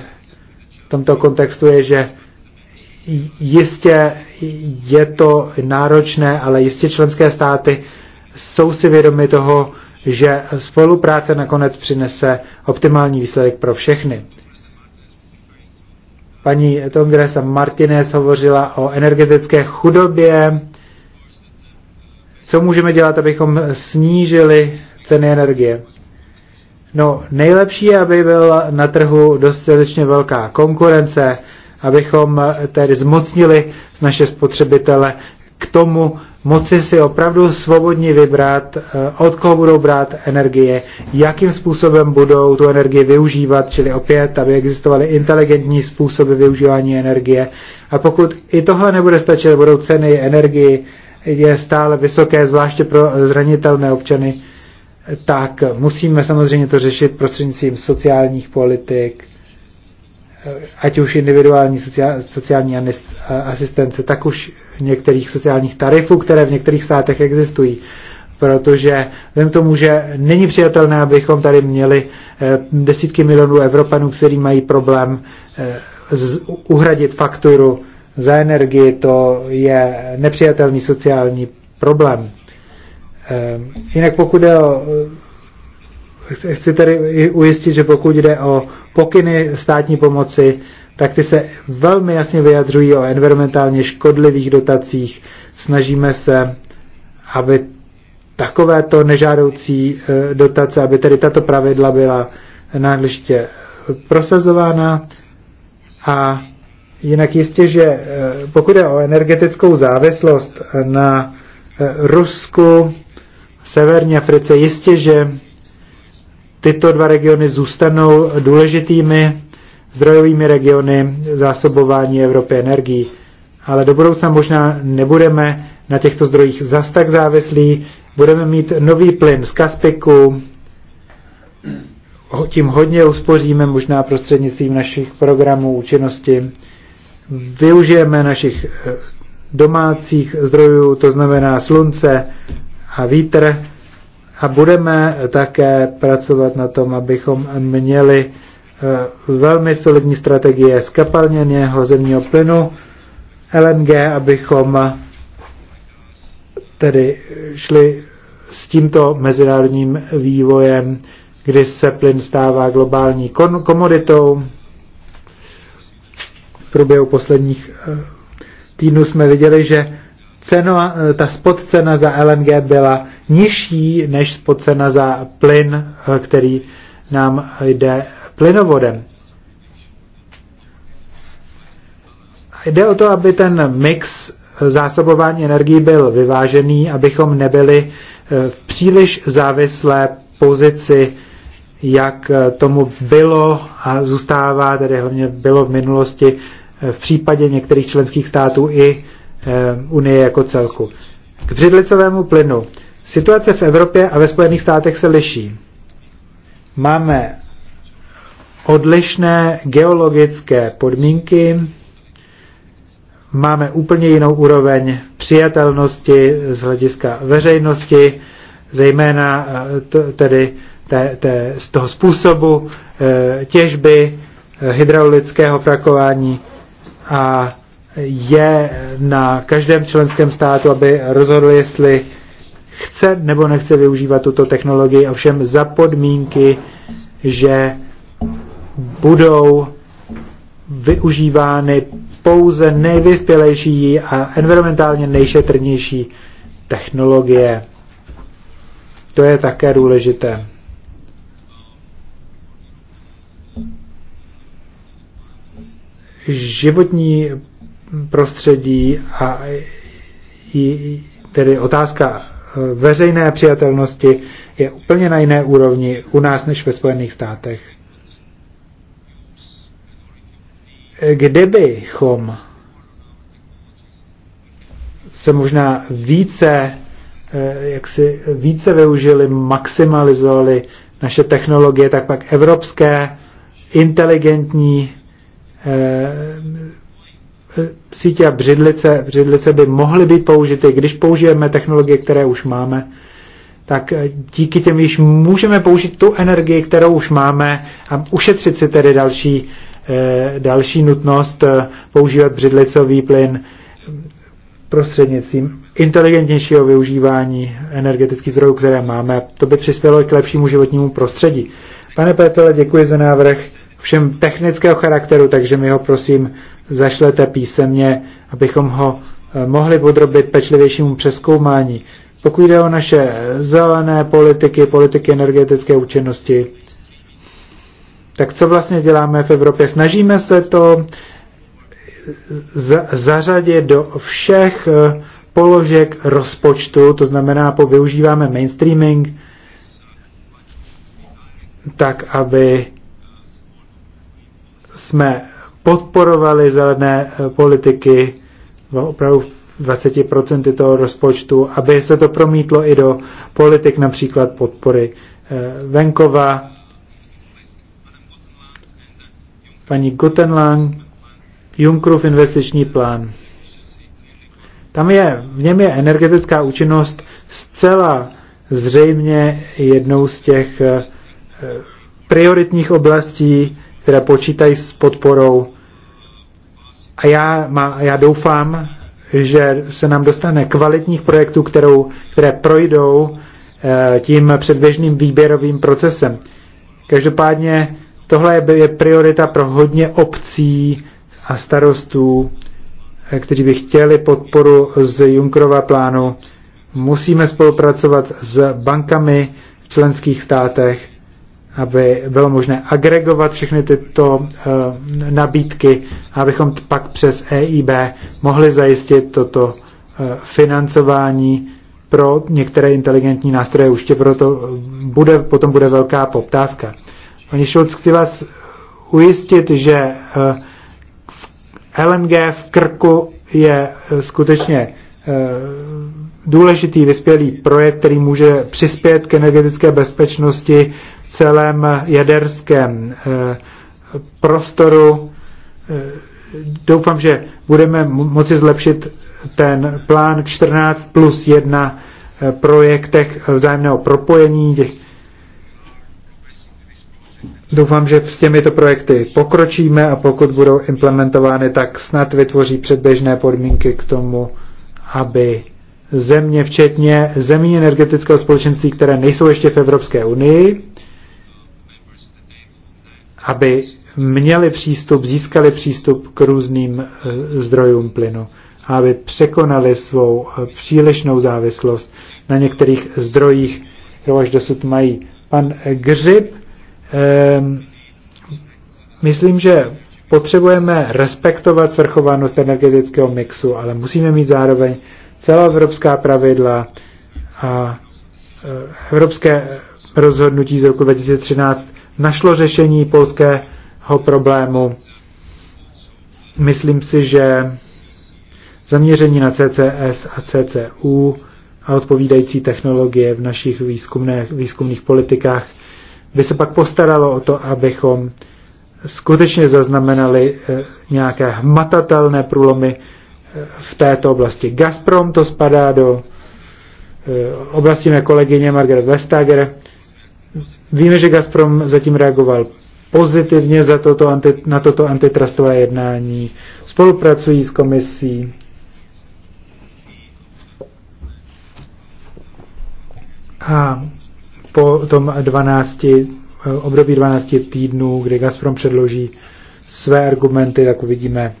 v tomto kontextu je, že jistě je to náročné, ale jistě členské státy jsou si vědomi toho, že spolupráce nakonec přinese optimální výsledek pro všechny. Paní Tongresa Martinez hovořila o energetické chudobě. Co můžeme dělat, abychom snížili ceny energie? No, nejlepší je, aby byla na trhu dostatečně velká konkurence, abychom tedy zmocnili naše spotřebitele k tomu moci si opravdu svobodně vybrat, eh, od koho budou brát energie, jakým způsobem budou tu energii využívat, čili opět, aby existovaly inteligentní způsoby využívání energie. A pokud i tohle nebude stačit, budou ceny energii je stále vysoké, zvláště pro zranitelné občany, tak musíme samozřejmě to řešit prostřednictvím sociálních politik, ať už individuální sociální asistence, tak už některých sociálních tarifů, které v některých státech existují. Protože vzhledem tomu, že není přijatelné, abychom tady měli eh, desítky milionů Evropanů, kteří mají problém eh, uhradit fakturu za energii, to je nepřijatelný sociální problém. Eh, jinak pokud je o chci i ujistit, že pokud jde o pokyny státní pomoci, tak ty se velmi jasně vyjadřují o environmentálně škodlivých dotacích. Snažíme se, aby takovéto nežádoucí eh, dotace, aby tedy tato pravidla byla náležitě eh, prosazována. A jinak jistě, že eh, pokud jde o energetickou závislost na Rusku, Severní Africe, jistě, že tyto dva regiony zůstanou důležitými zdrojovými regiony zásobování Evropy energií. Ale do budoucna možná nebudeme na těchto zdrojích zas tak závislí. Budeme mít nový plyn z Kaspiku, tím hodně uspoříme možná prostřednictvím našich programů účinnosti. Využijeme našich eh, domácích zdrojů, to znamená slunce a vítr a budeme také pracovat na tom, abychom měli eh, velmi solidní strategie skapalněného zemního plynu, LNG, abychom eh, tedy šli s tímto mezinárodním vývojem, kdy se plyn stává globální komoditou. V průběhu posledních eh, týdnů jsme viděli, že ceno, eh, ta spodcena za LNG byla nižší než spodcena za plyn, eh, který nám jde plynovodem. Jde o to, aby ten mix eh, zásobování energií byl vyvážený, abychom nebyli v příliš závislé pozici, jak tomu bylo a zůstává, tedy hlavně bylo v minulosti v případě některých členských států i Eh, Unie jako celku. K břidlicovému plynu. Situace v Evropě a ve Spojených státech se liší. Máme odlišné geologické podmínky, máme úplně jinou úroveň přijatelnosti z hlediska veřejnosti, zejména eh, tedy té, té, z toho způsobu eh, těžby hydraulického frakování a je na každém členském státu, aby rozhodl, jestli chce nebo nechce využívat tuto technologii, ovšem za podmínky, že budou využívány pouze nejvyspělejší a environmentálně nejšetrnější technologie. To je také důležité. Životní prostředí a tedy otázka eh, veřejné přijatelnosti je úplně na jiné úrovni u nás než ve Spojených státech. Kdybychom se možná více, eh, jak si více využili, maximalizovali naše technologie, tak pak evropské inteligentní eh, Eh, sítě a břidlice, břidlice by mohly být použity, když použijeme technologie, které už máme, tak eh, díky těm již můžeme použít tu energii, kterou už máme a ušetřit si tedy další, eh, další nutnost používat břidlicový plyn prostřednictvím inteligentnějšího využívání energetických zdrojů, které máme. To by přispělo i k lepšímu životnímu prostředí. Pane Petele, děkuji za návrh všem technického charakteru, takže mi ho prosím zašlete písemně, abychom ho eh, mohli podrobit pečlivějšímu přeskoumání. Pokud jde o naše zelené politiky, politiky energetické účinnosti, tak co vlastně děláme v Evropě? Snažíme se to zařadit do všech eh, položek rozpočtu, to znamená, po využíváme mainstreaming, tak aby jsme podporovali zelené eh, politiky v no, opravdu 20% toho rozpočtu, aby se to promítlo i do politik například podpory eh, venkova. Paní Gutenlang, Junkrův investiční plán. Tam je, v něm je energetická účinnost zcela zřejmě jednou z těch eh, prioritních oblastí, které počítají s podporou a já, má, já doufám, že se nám dostane kvalitních projektů, kterou, které projdou eh, tím předběžným výběrovým procesem. Každopádně tohle je, je priorita pro hodně obcí a starostů, eh, kteří by chtěli podporu z Junkrova plánu. Musíme spolupracovat s bankami v členských státech aby bylo možné agregovat všechny tyto uh, nabídky, abychom pak přes EIB mohli zajistit toto uh, financování pro některé inteligentní nástroje. Už tě proto eh, bude, potom bude velká poptávka. Pani Šulc, chci vás ujistit, že uh, LNG v Krku je skutečně důležitý vyspělý projekt, který může přispět k energetické bezpečnosti v celém jaderském eh, prostoru. Eh, doufám, že budeme moci zlepšit ten plán k 14 plus 1 eh, projektech vzájemného propojení. Doufám, že s těmito projekty pokročíme a pokud budou implementovány, tak snad vytvoří předběžné podmínky k tomu, aby země, včetně zemí energetického společenství, které nejsou ještě v Evropské unii, aby měli přístup, získali přístup k různým eh, zdrojům plynu a aby překonali svou eh, přílišnou závislost na některých zdrojích, kterou až dosud mají. Pan Gřib, ehm, myslím, že potřebujeme respektovat svrchovanost energetického mixu, ale musíme mít zároveň celoevropská pravidla a eh, evropské rozhodnutí z roku 2013 našlo řešení polského problému. Myslím si, že zaměření na CCS a CCU a odpovídající technologie v našich výzkumných, výzkumných politikách by se pak postaralo o to, abychom skutečně zaznamenali eh, nějaké hmatatelné průlomy eh, v této oblasti. Gazprom to spadá do eh, oblasti mé kolegyně Margaret Vestager, Víme, že Gazprom zatím reagoval pozitivně za toto anti, na toto antitrustové jednání, spolupracují s komisí. A po tom 12, eh, období 12 týdnů, kdy Gazprom předloží své argumenty, tak uvidíme,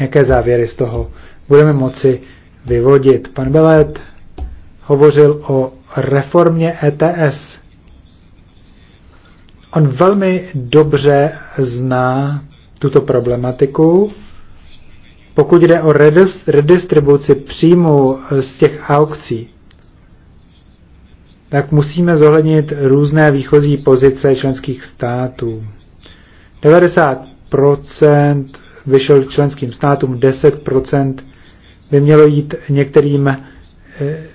jaké závěry z toho budeme moci vyvodit. Pan Belet hovořil o reformě ETS. On velmi dobře zná tuto problematiku. Pokud jde o redistribuci příjmu z těch aukcí, tak musíme zohlednit různé výchozí pozice členských států. 90% vyšel členským státům, 10% by mělo jít některým eh,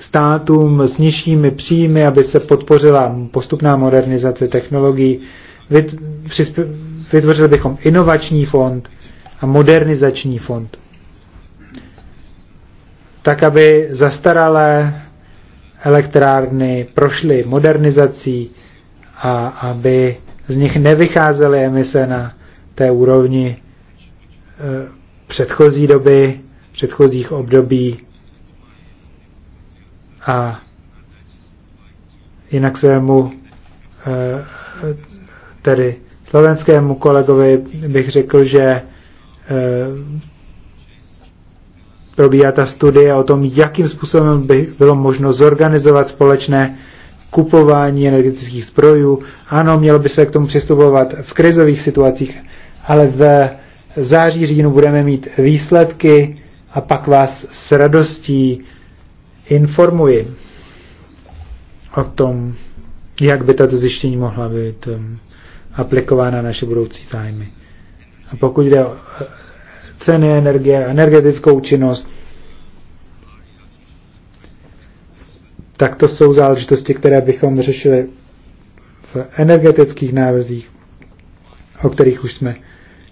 státům s nižšími příjmy, aby se podpořila postupná modernizace technologií. Vytvořili bychom inovační fond a modernizační fond. Tak, aby zastaralé elektrárny prošly modernizací a aby z nich nevycházely emise na té úrovni eh, předchozí doby, předchozích období a jinak svému eh, tedy slovenskému kolegovi bych řekl, že eh, probíhá ta studie o tom, jakým způsobem by bylo možno zorganizovat společné kupování energetických zdrojů. Ano, mělo by se k tomu přistupovat v krizových situacích, ale v září, říjnu budeme mít výsledky a pak vás s radostí informuji o tom, jak by tato zjištění mohla být um, aplikována na naše budoucí zájmy. A pokud jde o eh, ceny energie, energetickou účinnost, tak to jsou záležitosti, které bychom řešili v energetických návrzích, o kterých už jsme,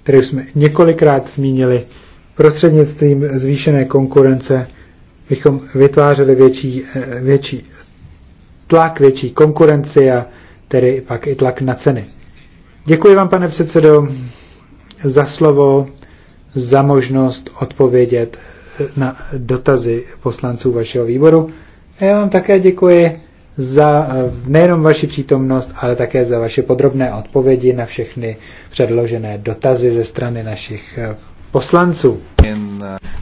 které už jsme několikrát zmínili, prostřednictvím zvýšené konkurence bychom vytvářeli větší, eh, větší tlak, větší konkurenci a tedy pak i tlak na ceny. Děkuji vám, pane předsedo, za slovo, za možnost odpovědět eh, na dotazy poslanců vašeho výboru. A já vám také děkuji za eh, nejenom vaši přítomnost, ale také za vaše podrobné odpovědi na všechny předložené dotazy ze strany našich poslanců.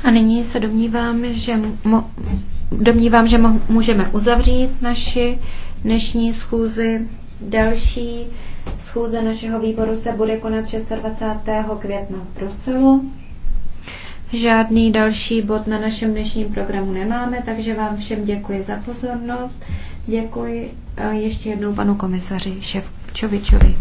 A nyní se domnívám, že, mo, domnívám, že mo, můžeme uzavřít naši dnešní schůzi. Další schůze našeho výboru se bude konat 26. května v Bruselu. Žádný další bod na našem dnešním programu nemáme, takže vám všem děkuji za pozornost. Děkuji eh, ještě jednou panu komisaři Ševčovičovi.